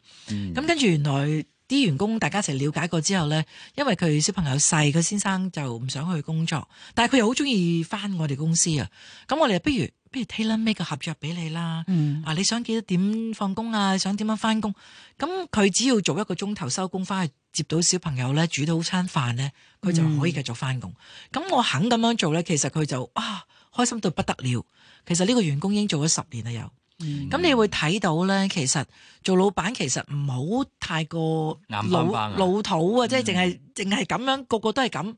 咁跟住原來。啲員工大家一齊了解過之後呢，因為佢小朋友細，佢先生就唔想去工作，但係佢又好鍾意返我哋公司啊。咁我哋不如不如 tailor-made 個合約俾你啦。嗯、啊，你想幾多點放工啊？想點樣返工？咁佢只要做一個鐘頭收工，返去接到小朋友呢煮到餐飯呢，佢就可以繼續返工。咁、嗯、我肯咁樣做呢，其實佢就啊開心到不得了。其實呢個員工已經做咗十年啦，又。咁、嗯、你會睇到咧，其實做老闆其實唔好太過老笨笨老土啊，即係淨係淨係咁樣，個個都係咁。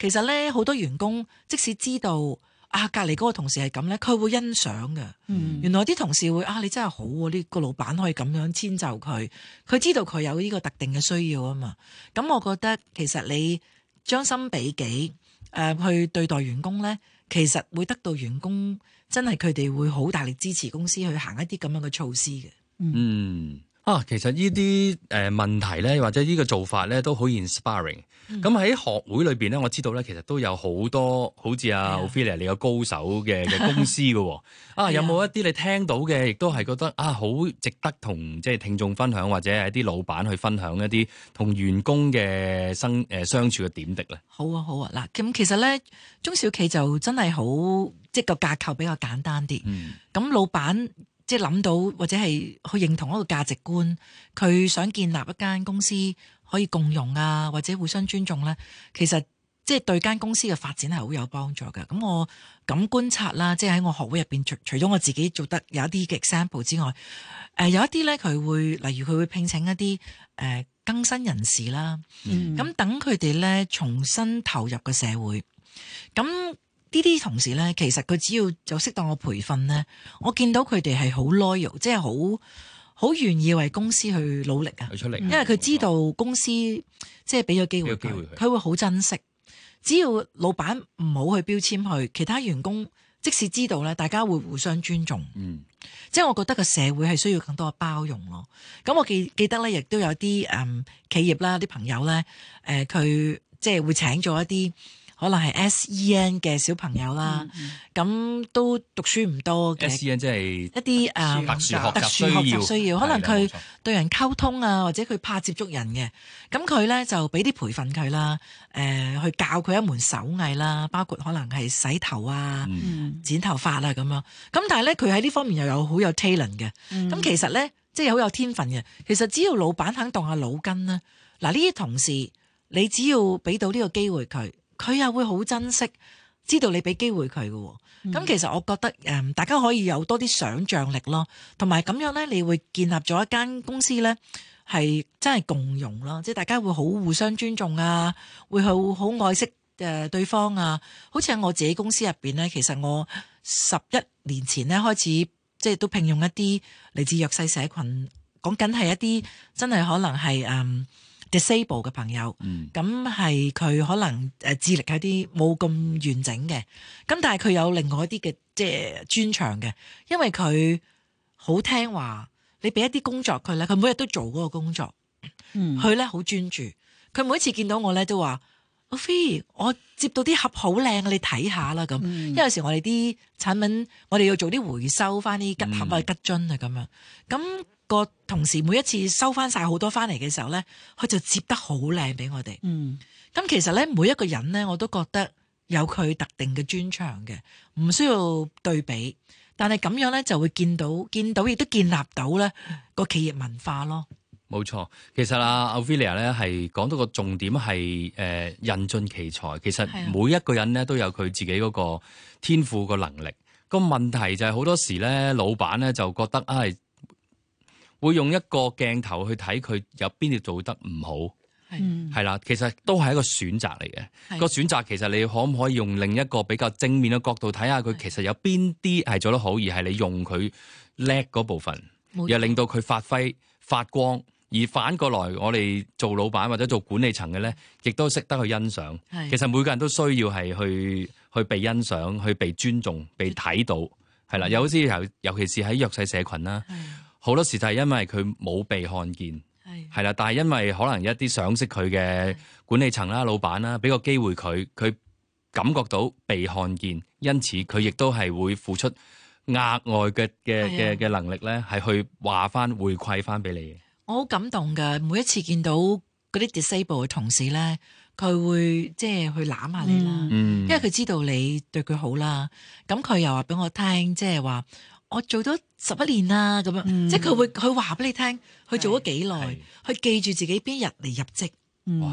其實咧，好多員工即使知道啊，隔籬嗰個同事係咁咧，佢會欣賞嘅。嗯、原來啲同事會啊，你真係好、啊、呢、呢個老闆可以咁樣遷就佢。佢知道佢有呢個特定嘅需要啊嘛。咁我覺得其實你將心比己，誒、呃，去對待員工咧，其實會得到員工，真係佢哋會好大力支持公司去行一啲咁樣嘅措施嘅。嗯。啊，其實呢啲誒問題咧，或者呢個做法咧，都好 inspiring。咁喺、嗯、學會裏邊咧，我知道咧，其實都有好多好似啊 Ophelia 的你個高手嘅公司嘅喎。啊，有冇一啲你聽到嘅，亦都係覺得啊，好值得同即係聽眾分享，或者係啲老闆去分享一啲同員工嘅生誒、呃、相處嘅點滴咧？好啊，好啊，嗱，咁其實咧，中小企就真係好即係個架構比較簡單啲。咁、嗯、老闆。即係諗到或者係去認同一個價值觀，佢想建立一間公司可以共融啊，或者互相尊重咧、啊，其實即係、就是、對間公司嘅發展係好有幫助嘅。咁我咁觀察啦，即係喺我學會入邊，除除咗我自己做得有一啲嘅 example 之外，誒、呃、有一啲咧佢會，例如佢會聘請一啲誒、呃、更新人士啦，咁、嗯、等佢哋咧重新投入個社會，咁。呢啲同事呢，其實佢只要就適當嘅培訓呢，我見到佢哋係好 loyal，即係好好願意為公司去努力啊！因為佢知道公司即係俾咗機會，佢會好珍惜。只要老闆唔好去標籤佢，其他員工即使知道呢，大家會互相尊重。嗯，即係我覺得個社會係需要更多嘅包容咯。咁我記記得呢，亦都有啲誒、嗯、企業啦，啲朋友呢，誒、呃、佢即係會請咗一啲。可能係 sen 嘅小朋友啦，咁、嗯嗯、都讀書唔多嘅 sen 即係一啲些誒特，特殊學習需要，需要需要可能佢對人溝通啊，嗯、或者佢怕接觸人嘅咁佢咧就俾啲培訓佢啦，誒、呃、去教佢一門手藝啦，包括可能係洗頭啊、嗯、剪頭髮啦、啊、咁樣。咁但係咧，佢喺呢方面又有好有 talent 嘅咁，嗯、其實咧即係好有天分嘅。其實只要老闆肯動下腦筋啦，嗱呢啲同事你只要俾到呢個機會佢。佢又會好珍惜，知道你俾機會佢嘅喎。咁、嗯、其實我覺得，誒，大家可以有多啲想像力咯，同埋咁樣呢，你會建立咗一間公司呢，係真係共融咯，即係大家會好互相尊重啊，會好好愛惜誒對方啊。好似喺我自己公司入邊呢，其實我十一年前呢開始，即係都聘用一啲嚟自弱勢社群，講緊係一啲真係可能係誒。嗯 disable 嘅朋友，咁係佢可能誒智力有啲冇咁完整嘅，咁但係佢有另外一啲嘅即係專長嘅，因為佢好聽話，你俾一啲工作佢咧，佢每日都做嗰個工作，佢咧好專注，佢每一次見到我咧都話：阿飛，我接到啲盒好靚，你睇下啦咁。嗯、因為有時我哋啲產品，我哋要做啲回收翻啲吉盒啊、吉樽啊咁樣，咁。個同事，每一次收翻晒好多翻嚟嘅時候咧，佢就接得好靚俾我哋。嗯，咁其實咧，每一個人咧，我都覺得有佢特定嘅專長嘅，唔需要對比。但係咁樣咧，就會見到，見到亦都建立到咧個企業文化咯。嗯，冇錯，其實阿 Ophelia 咧係講到個重點係誒引進奇才。其實每一個人咧都有佢自己嗰個天賦個能力。個問題就係好多時咧，老闆咧就覺得唉。哎會用一個鏡頭去睇佢有邊啲做得唔好，係啦的，其實都係一個選擇嚟嘅。的個選擇其實你可唔可以用另一個比較正面嘅角度睇下佢，其實有邊啲係做得好，而係你用佢叻嗰部分，又令到佢發揮發光。而反過來，我哋做老闆或者做管理層嘅呢，亦都識得去欣賞。的其實每個人都需要係去去被欣賞、去被尊重、被睇到，係啦。尤其是，是，的是尤其是喺弱勢社群啦。的好多時就係因為佢冇被看見，係啦的，但係因為可能一啲賞識佢嘅管理層啦、的老闆啦，俾個機會佢，佢感覺到被看見，因此佢亦都係會付出額外嘅嘅嘅嘅能力咧，係去話翻回饋翻俾你。我好感動嘅，每一次見到嗰啲 disabled 嘅同事咧，佢會即係去攬下你啦，嗯、因為佢知道你對佢好啦。咁佢又話俾我聽，即係話。我做咗十一年啦，咁樣，嗯、即係佢會佢話俾你聽，佢做咗幾耐，佢的記住自己邊日嚟入職，哇，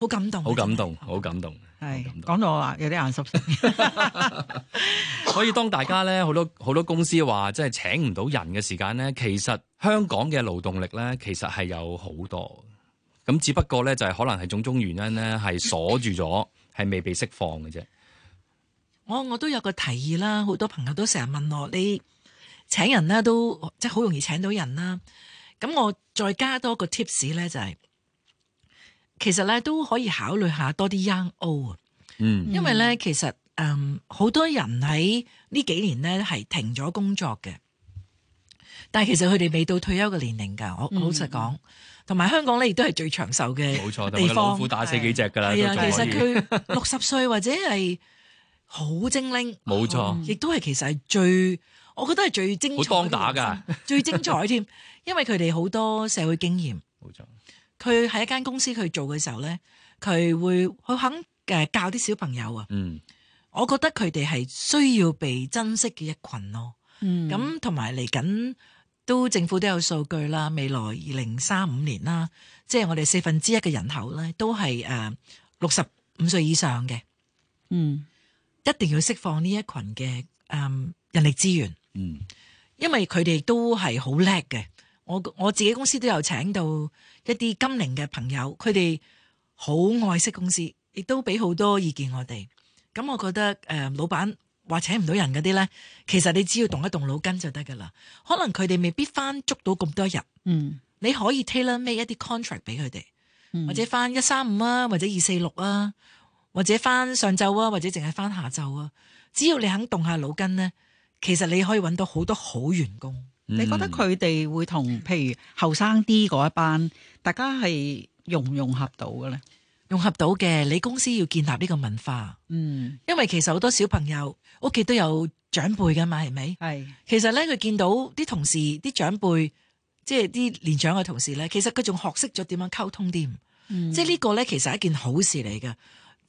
好、嗯感，啊、感動，好吧感動，好感動，係，講到我話有啲眼濕 [laughs] [laughs] 所以當大家咧，好多好多公司話，即係請唔到人嘅時間咧，其實香港嘅勞動力咧，其實係有好多，咁只不過咧就係、是、可能係種種原因咧，係鎖住咗，係 [laughs] 未被釋放嘅啫。我我都有個提議啦，好多朋友都成日問我你。請人咧都即係好容易請到人啦，咁我再加多個 tips 咧就係、是，其實咧都可以考慮下多啲 young old 啊，嗯，因為咧其實嗯好多人喺呢幾年咧係停咗工作嘅，但係其實佢哋未到退休嘅年齡噶，我、嗯、我老實講，同埋香港咧亦都係最長壽嘅地方，冇錯，但係老虎打死幾隻噶啦，係啊是，其實佢六十歲或者係好精靈，冇錯錯，亦、哦、都係其實係最。我覺得係最精彩，好當打噶， [laughs] 最精彩添。因為佢哋好多社會經驗，冇錯。佢喺一間公司去做嘅時候咧，佢會佢肯誒教啲小朋友啊。嗯，我覺得佢哋係需要被珍惜嘅一群咯。嗯，咁同埋嚟緊都政府都有數據啦，未來二零三五年啦，即係我哋四分之一嘅人口咧，都係誒六十五歲以上嘅。嗯，一定要釋放呢一群嘅誒人力資源。嗯，因為佢哋都係好叻嘅，我我自己公司都有請到一啲金齡嘅朋友，佢哋好愛惜公司，亦都俾好多意見我哋。咁、嗯嗯、我覺得誒、呃，老闆話請唔到人嗰啲咧，其實你只要動一動腦筋就得噶啦。可能佢哋未必翻捉到咁多人，嗯，你可以 tailor make 一啲 contract 俾佢哋，嗯、或者翻一三五啊，或者二四六啊，或者翻上晝啊，或者淨係翻下晝啊，只要你肯動下腦筋咧，其實你可以揾到好多好員工，你覺得佢哋會同譬如後生啲嗰一班，大家係融唔融合到嘅咧？融合到嘅，你公司要建立呢個文化。嗯，因為其實好多小朋友屋企都有長輩㗎嘛，係咪？係。其實咧，佢見到啲同事、啲長輩，即係啲年長嘅同事咧，其實佢仲學識咗點樣溝通添。即係呢個咧，其實係一件好事嚟嘅。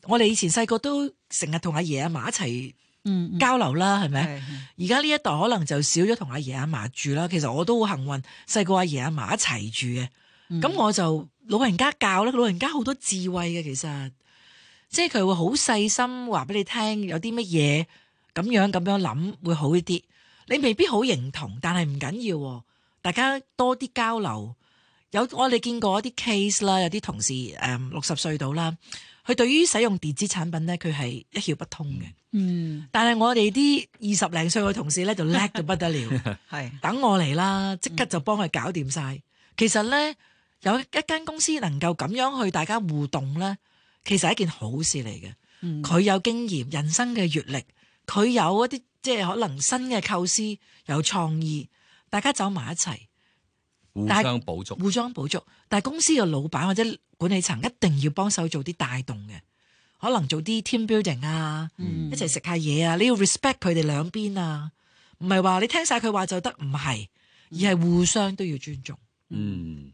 我哋以前細個都成日同阿爺阿嫲一齊。嗯，交流啦，係咪？而家呢一代可能就少咗同阿爺阿嫲住啦。其實我都好幸運，細個阿爺阿嫲一齊住嘅。咁，嗯，我就老人家教咧，老人家好多智慧嘅，其實，即係佢會好細心話俾你聽，有啲乜嘢咁樣咁樣諗會好一啲。你未必好認同，但係唔緊要啊，大家多啲交流。有我哋見過一啲 case 啦，有啲同事誒，六十歲到啦。佢對於使用電子產品咧，佢係一竅不通嘅。嗯，但係我哋啲二十零歲嘅同事咧就叻到不得了，係 [laughs] 是等我嚟啦，即刻就幫佢搞掂晒。其實咧，有一間公司能夠咁樣去大家互動咧，其實係一件好事嚟嘅。佢、嗯、有經驗、人生嘅閲歷，佢有一啲即係可能新嘅構思、有創意，大家走埋一齊。互相補足但，互相補足。但係公司嘅老闆或者管理層一定要幫手做啲帶動嘅，可能做啲 team building 啊，嗯、一齊食下嘢啊。你要 respect 佢哋兩邊啊，唔係話你聽晒佢話就得，唔係，嗯、而係互相都要尊重。嗯。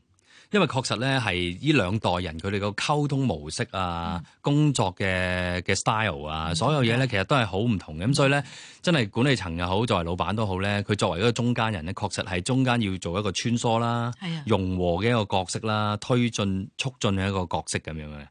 因為確實咧，係呢兩代人佢哋個溝通模式啊、嗯、工作嘅嘅 style 啊，嗯、所有嘢咧，其實都係好唔同嘅。咁、嗯、所以咧，真係管理層又好，作為老闆都好咧，佢作為一個中間人咧，確實係中間要做一個穿梭啦、嗯、融和嘅一個角色啦、推進、促進嘅一個角色咁樣嘅。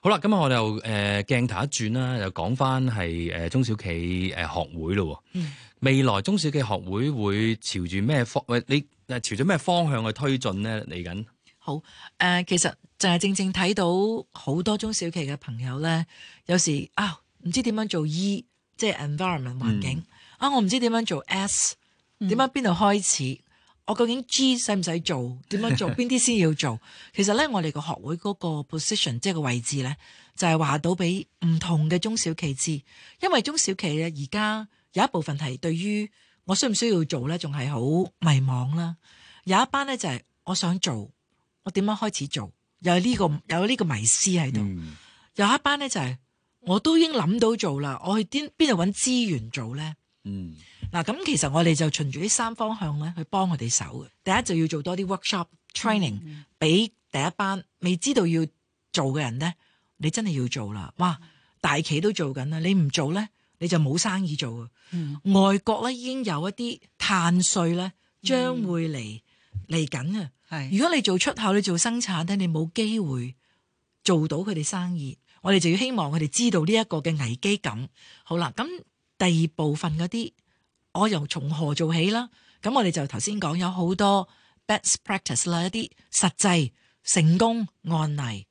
好啦，咁啊，我哋又誒鏡頭一轉啦，又講翻係誒中小企誒、呃、學會咯、嗯。未來中小企學會會朝住咩方？喂、呃，你朝住咩方向去推進咧？嚟緊？好誒、呃，其實就係正正睇到好多中小企嘅朋友咧，有時啊，唔知點樣做 E，即係 environment 環境、嗯、啊，我唔知點樣做 S，點樣邊度、嗯、開始？我究竟 G 使唔使做？點樣做？邊啲先要做？ [laughs] 其實咧，我哋個學會嗰個 position，即係個位置咧，就係話到俾唔同嘅中小企知，因為中小企咧而家有一部分係對於我需唔需要做咧，仲係好迷茫啦。有一班咧就係、是、我想做。我點樣開始做？有呢、這個有呢個迷思喺度。嗯、有一班咧就係、是、我都已經諗到做啦。我去邊邊度揾資源做咧？嗱咁、嗯啊、其實我哋就循住呢三方向咧去幫我哋手嘅。第一就要做多啲 workshop training，俾、嗯嗯、第一班未知道要做嘅人咧，你真係要做啦。哇！大企都做緊啦，你唔做咧你就冇生意做嘅嗯。嗯，外國咧已經有一啲碳稅咧將會嚟嚟緊啊！嗯嗯係，如果你做出口，你做生產咧，你冇機會做到佢哋生意。我哋就要希望佢哋知道呢一個嘅危機感。好啦，咁第二部分嗰啲，我又從何做起啦？咁我哋就頭先講有好多 best practice 啦，一啲實際成功案例，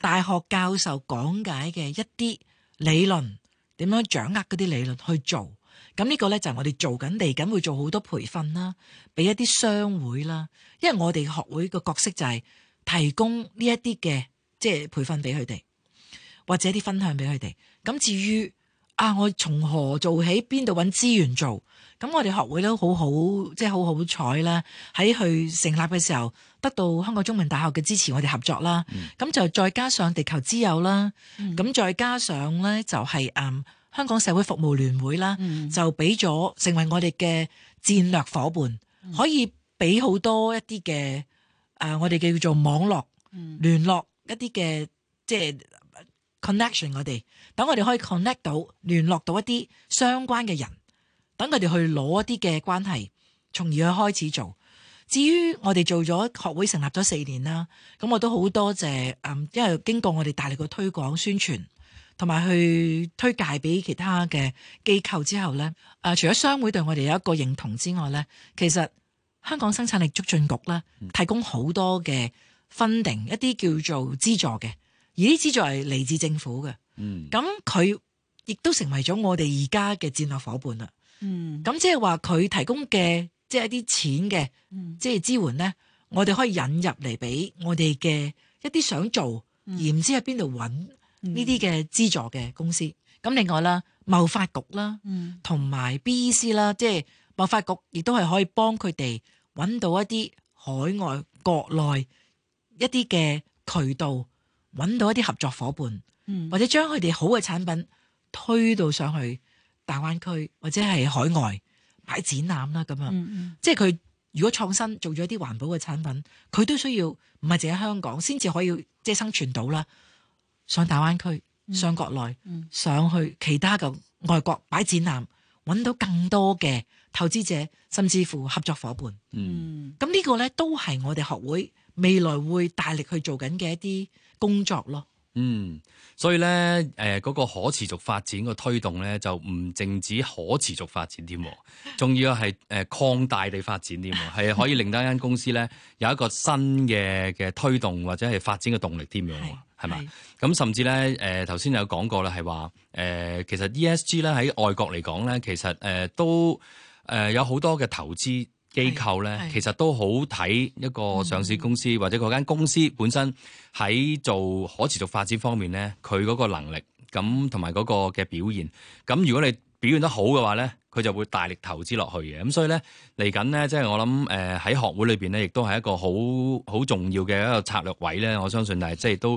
大學教授講解嘅一啲理論，點樣掌握嗰啲理論去做。咁呢個咧，就係我哋做緊嚟，緊會做好多培訓啦，俾一啲商會啦，因為我哋學會個角色就係提供呢一啲嘅即係培訓俾佢哋，或者一啲分享俾佢哋。咁至於啊，我從何做起，邊度揾資源做？咁我哋學會都好好，即係好好彩啦。喺去成立嘅時候，得到香港中文大學嘅支持，我哋合作啦。咁、嗯、就再加上地球之友啦，咁、嗯、再加上咧就係、是、誒。嗯香港社會服務聯會啦，嗯、就俾咗成為我哋嘅戰略伙伴，嗯、可以俾好多一啲嘅誒，我哋嘅叫做網絡、嗯、聯絡一啲嘅即係 connection，我哋等我哋可以 connect 到聯絡到一啲相關嘅人，等佢哋去攞一啲嘅關係，從而去開始做。至於我哋做咗學會成立咗四年啦，咁我都好多謝誒，因為經過我哋大力嘅推廣宣傳。同埋去推介俾其他嘅機構之後咧，啊、呃，除咗商會對我哋有一個認同之外咧，其實香港生產力促進局咧提供好多嘅分定一啲叫做資助嘅，而啲資助係嚟自政府嘅。嗯，咁佢亦都成為咗我哋而家嘅戰略伙伴啦。嗯，咁即係話佢提供嘅即係一啲錢嘅，即係、嗯、支援咧，我哋可以引入嚟俾我哋嘅一啲想做而唔知喺邊度揾。呢啲嘅資助嘅公司，咁另外啦，嗯、貿發局啦、嗯，同埋 BEC 啦，即係貿發局亦都係可以幫佢哋揾到一啲海外、國內一啲嘅渠道，揾到一啲合作伙伴，嗯、或者將佢哋好嘅產品推到上去大灣區或者係海外擺展覽啦咁啊，樣，嗯嗯，即係佢如果創新做咗啲環保嘅產品，佢都需要唔係淨喺香港先至可以即係、就是、生存到啦。上大灣區、上國內、上去其他嘅外國擺展覽，揾到更多嘅投資者，甚至乎合作伙伴。咁、嗯、呢個咧都係我哋學會未來會大力去做緊嘅一啲工作咯。嗯，所以咧，誒、呃，嗰、那個可持續發展個推動咧，就唔淨止可持續發展添，仲 [laughs] 要係誒，擴、呃、大地發展添，係 [laughs] 可以令到一間公司咧有一個新嘅嘅推動或者係發展嘅動力添樣，係咪？咁甚至咧，誒、呃，頭先有講過啦，係話，誒，其實 ESG 咧喺外國嚟講咧，其實誒、呃、都誒、呃、有好多嘅投資。機構咧，其實都好睇一個上市公司、嗯、或者嗰間公司本身喺做可持續發展方面咧，佢嗰個能力咁同埋嗰個嘅表現。咁、嗯、如果你表現得好嘅話咧，佢就會大力投資落去嘅。咁所以咧，嚟緊咧，即、就、係、是、我諗誒喺學會裏邊咧，亦都係一個好好重要嘅一個策略位咧。我相信係即係都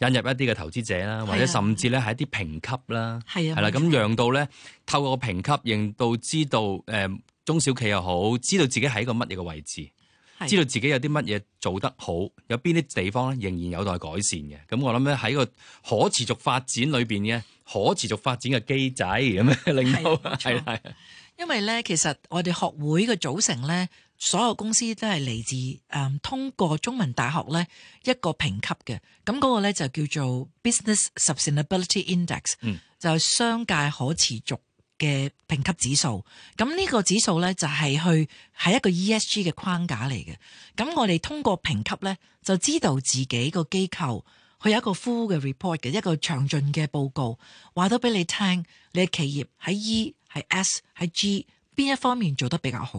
引入一啲嘅投資者啦，啊、或者甚至咧係一啲評級啦，係啦。咁讓到咧，透過個評級，令到知道誒。呃呃中小企又好，知道自己喺個乜嘢嘅位置，的知道自己有啲乜嘢做得好，有邊啲地方咧仍然有待改善嘅。咁我諗咧喺個可持續發展裏邊嘅可持續發展嘅機制咁樣 [laughs] 令到係係。的因為咧，其實我哋學會嘅組成咧，所有公司都係嚟自誒、嗯、通過中文大學咧一個評級嘅。咁、嗰個咧就叫做 Business Sustainability Index，就係商界可持續。嘅評級指數，咁呢個指數咧就係、是、去係一個 ESG 嘅框架嚟嘅，咁我哋通過評級咧就知道自己個機構，佢有一個 full 嘅 report 嘅一個詳盡嘅報告，話到俾你聽你嘅企業喺 E 喺 S 喺 G 邊一方面做得比較好，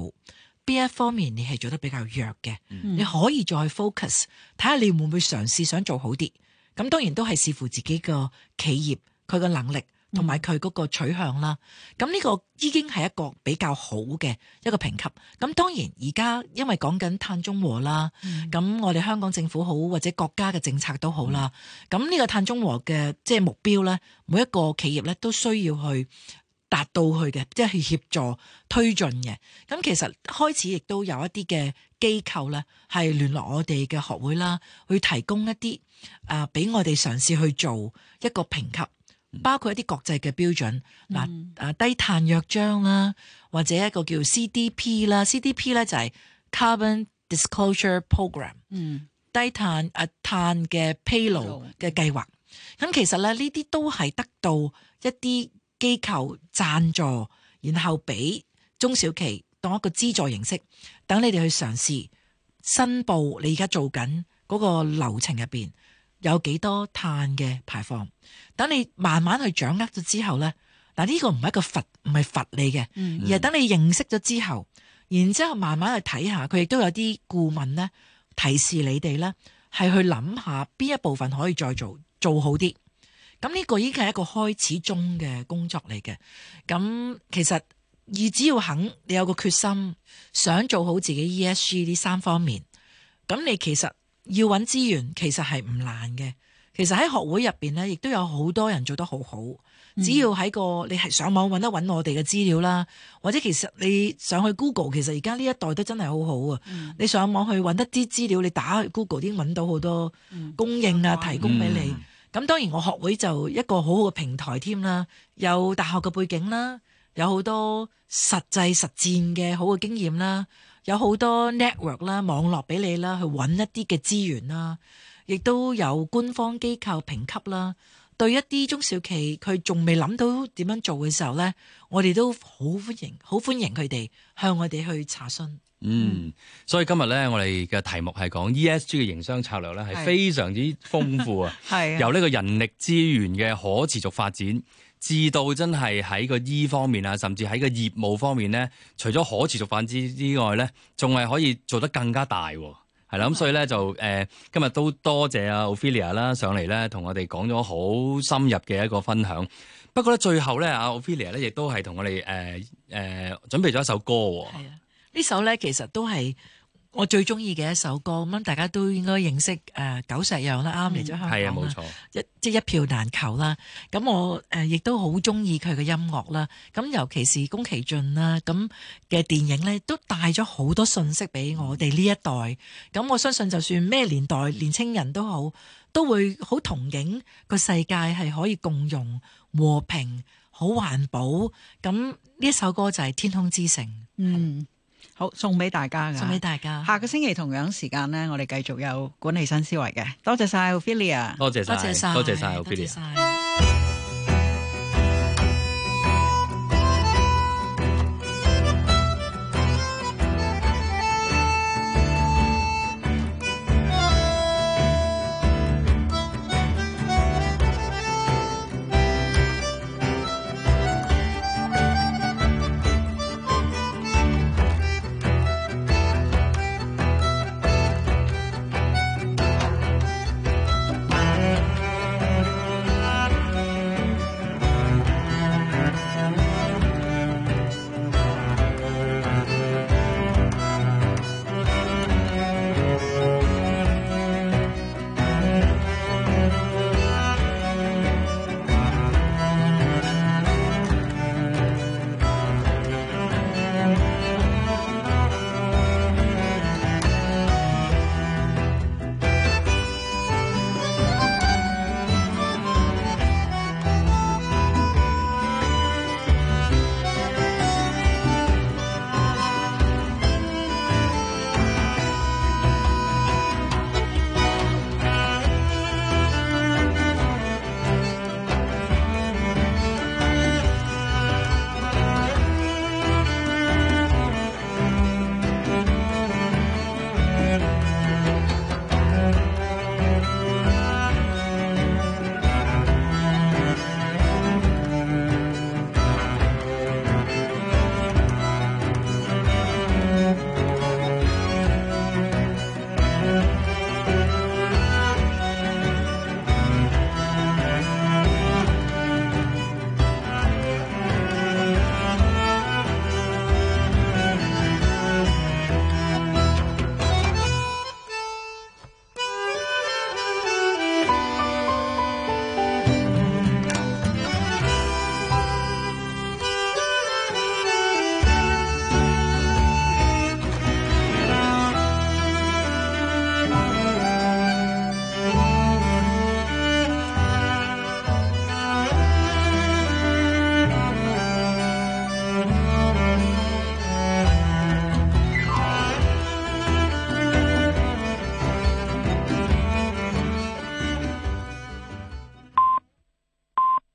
邊一方面你係做得比較弱嘅，嗯、你可以再 focus 睇下你會唔會嘗試想做好啲，咁當然都係視乎自己個企業佢個能力。同埋佢嗰個取向啦，咁呢個已經係一個比較好嘅一個評級，咁當然而家因為講緊碳中和啦，咁、嗯、我哋香港政府好或者國家嘅政策都好啦。咁，嗯，呢個碳中和嘅即係目標咧，每一個企業咧都需要去達到佢嘅，即係協助推進嘅。咁其實開始亦都有一啲嘅機構咧，係聯絡我哋嘅學會啦，去提供一啲誒俾我哋嘗試去做一個評級。包括一啲國際嘅標準，嗱、嗯，啊低碳約章啦、啊，或者一個叫 CDP 啦、啊、CDP 咧就係 Carbon Disclosure Program，嗯，低碳啊碳嘅披露嘅計劃。咁、嗯、其實咧呢啲都係得到一啲機構贊助，然後俾中小企當一個資助形式，等你哋去嘗試申報。你而家做緊嗰個流程入邊有幾多碳嘅排放？等你慢慢去掌握咗之後呢。嗱呢個唔係一個罰，唔係罰你嘅，嗯、而係等你認識咗之後，然之後慢慢去睇下，佢亦都有啲顧問呢，提示你哋呢，係去諗下邊一部分可以再做做好啲。咁呢個已經係一個開始中嘅工作嚟嘅。咁其實而只要肯，你有個決心，想做好自己 ESG 呢三方面，咁你其實。要揾資源其實係唔難嘅，其實喺學會入邊呢，亦都有好多人做得好好。嗯、只要喺個你係上網揾得揾我哋嘅資料啦，或者其實你上去 Google，其實而家呢一代都真係好好啊！嗯、你上網去揾一啲資料，你打去 Google 已經揾到好多供應啊，嗯、提供俾你。咁、嗯、當然我學會就一個好好嘅平台添啦，有大學嘅背景啦，有好多實際實戰嘅好嘅經驗啦。有好多 network 啦、網絡俾你啦，去揾一啲嘅資源啦，亦都有官方機構評級啦。對一啲中小企，佢仲未諗到點樣做嘅時候呢，我哋都好歡迎，好歡迎佢哋向我哋去查詢。嗯，所以今日呢，我哋嘅題目係講 ESG 嘅營商策略呢係非常之豐富啊。係是的 [laughs] 的由呢個人力資源嘅可持續發展。至到真係喺個醫方面啊，甚至喺個業務方面咧，除咗可持續發展之，之外咧，仲係可以做得更加大，係啦、嗯。咁所以咧就誒、呃，今日都多謝阿 Ophelia 啦，上嚟咧同我哋講咗好深入嘅一個分享。不過咧最後咧啊，Ophelia 咧亦都係同我哋誒誒準備咗一首歌。係啊，呢首咧其實都係。我最中意嘅一首歌，咁大家都應該認識誒、呃、久石讓啦，啱嚟咗香港，嗯啊、一即係一票難求啦。咁我誒、呃、亦都好中意佢嘅音樂啦。咁尤其是宮崎駿啦，咁嘅電影咧都帶咗好多信息俾我哋呢一代。咁我相信就算咩年代年青人都好，都會好憧憬個世界係可以共融、和平、好環保。咁呢一首歌就係《天空之城》。嗯。嗯。好送俾大家嘅，送俾大家。下個星期同樣時間咧，我哋繼續有管理新思維嘅。多謝晒，Ophelia。多謝晒！多謝晒！多謝曬，Ophelia。多謝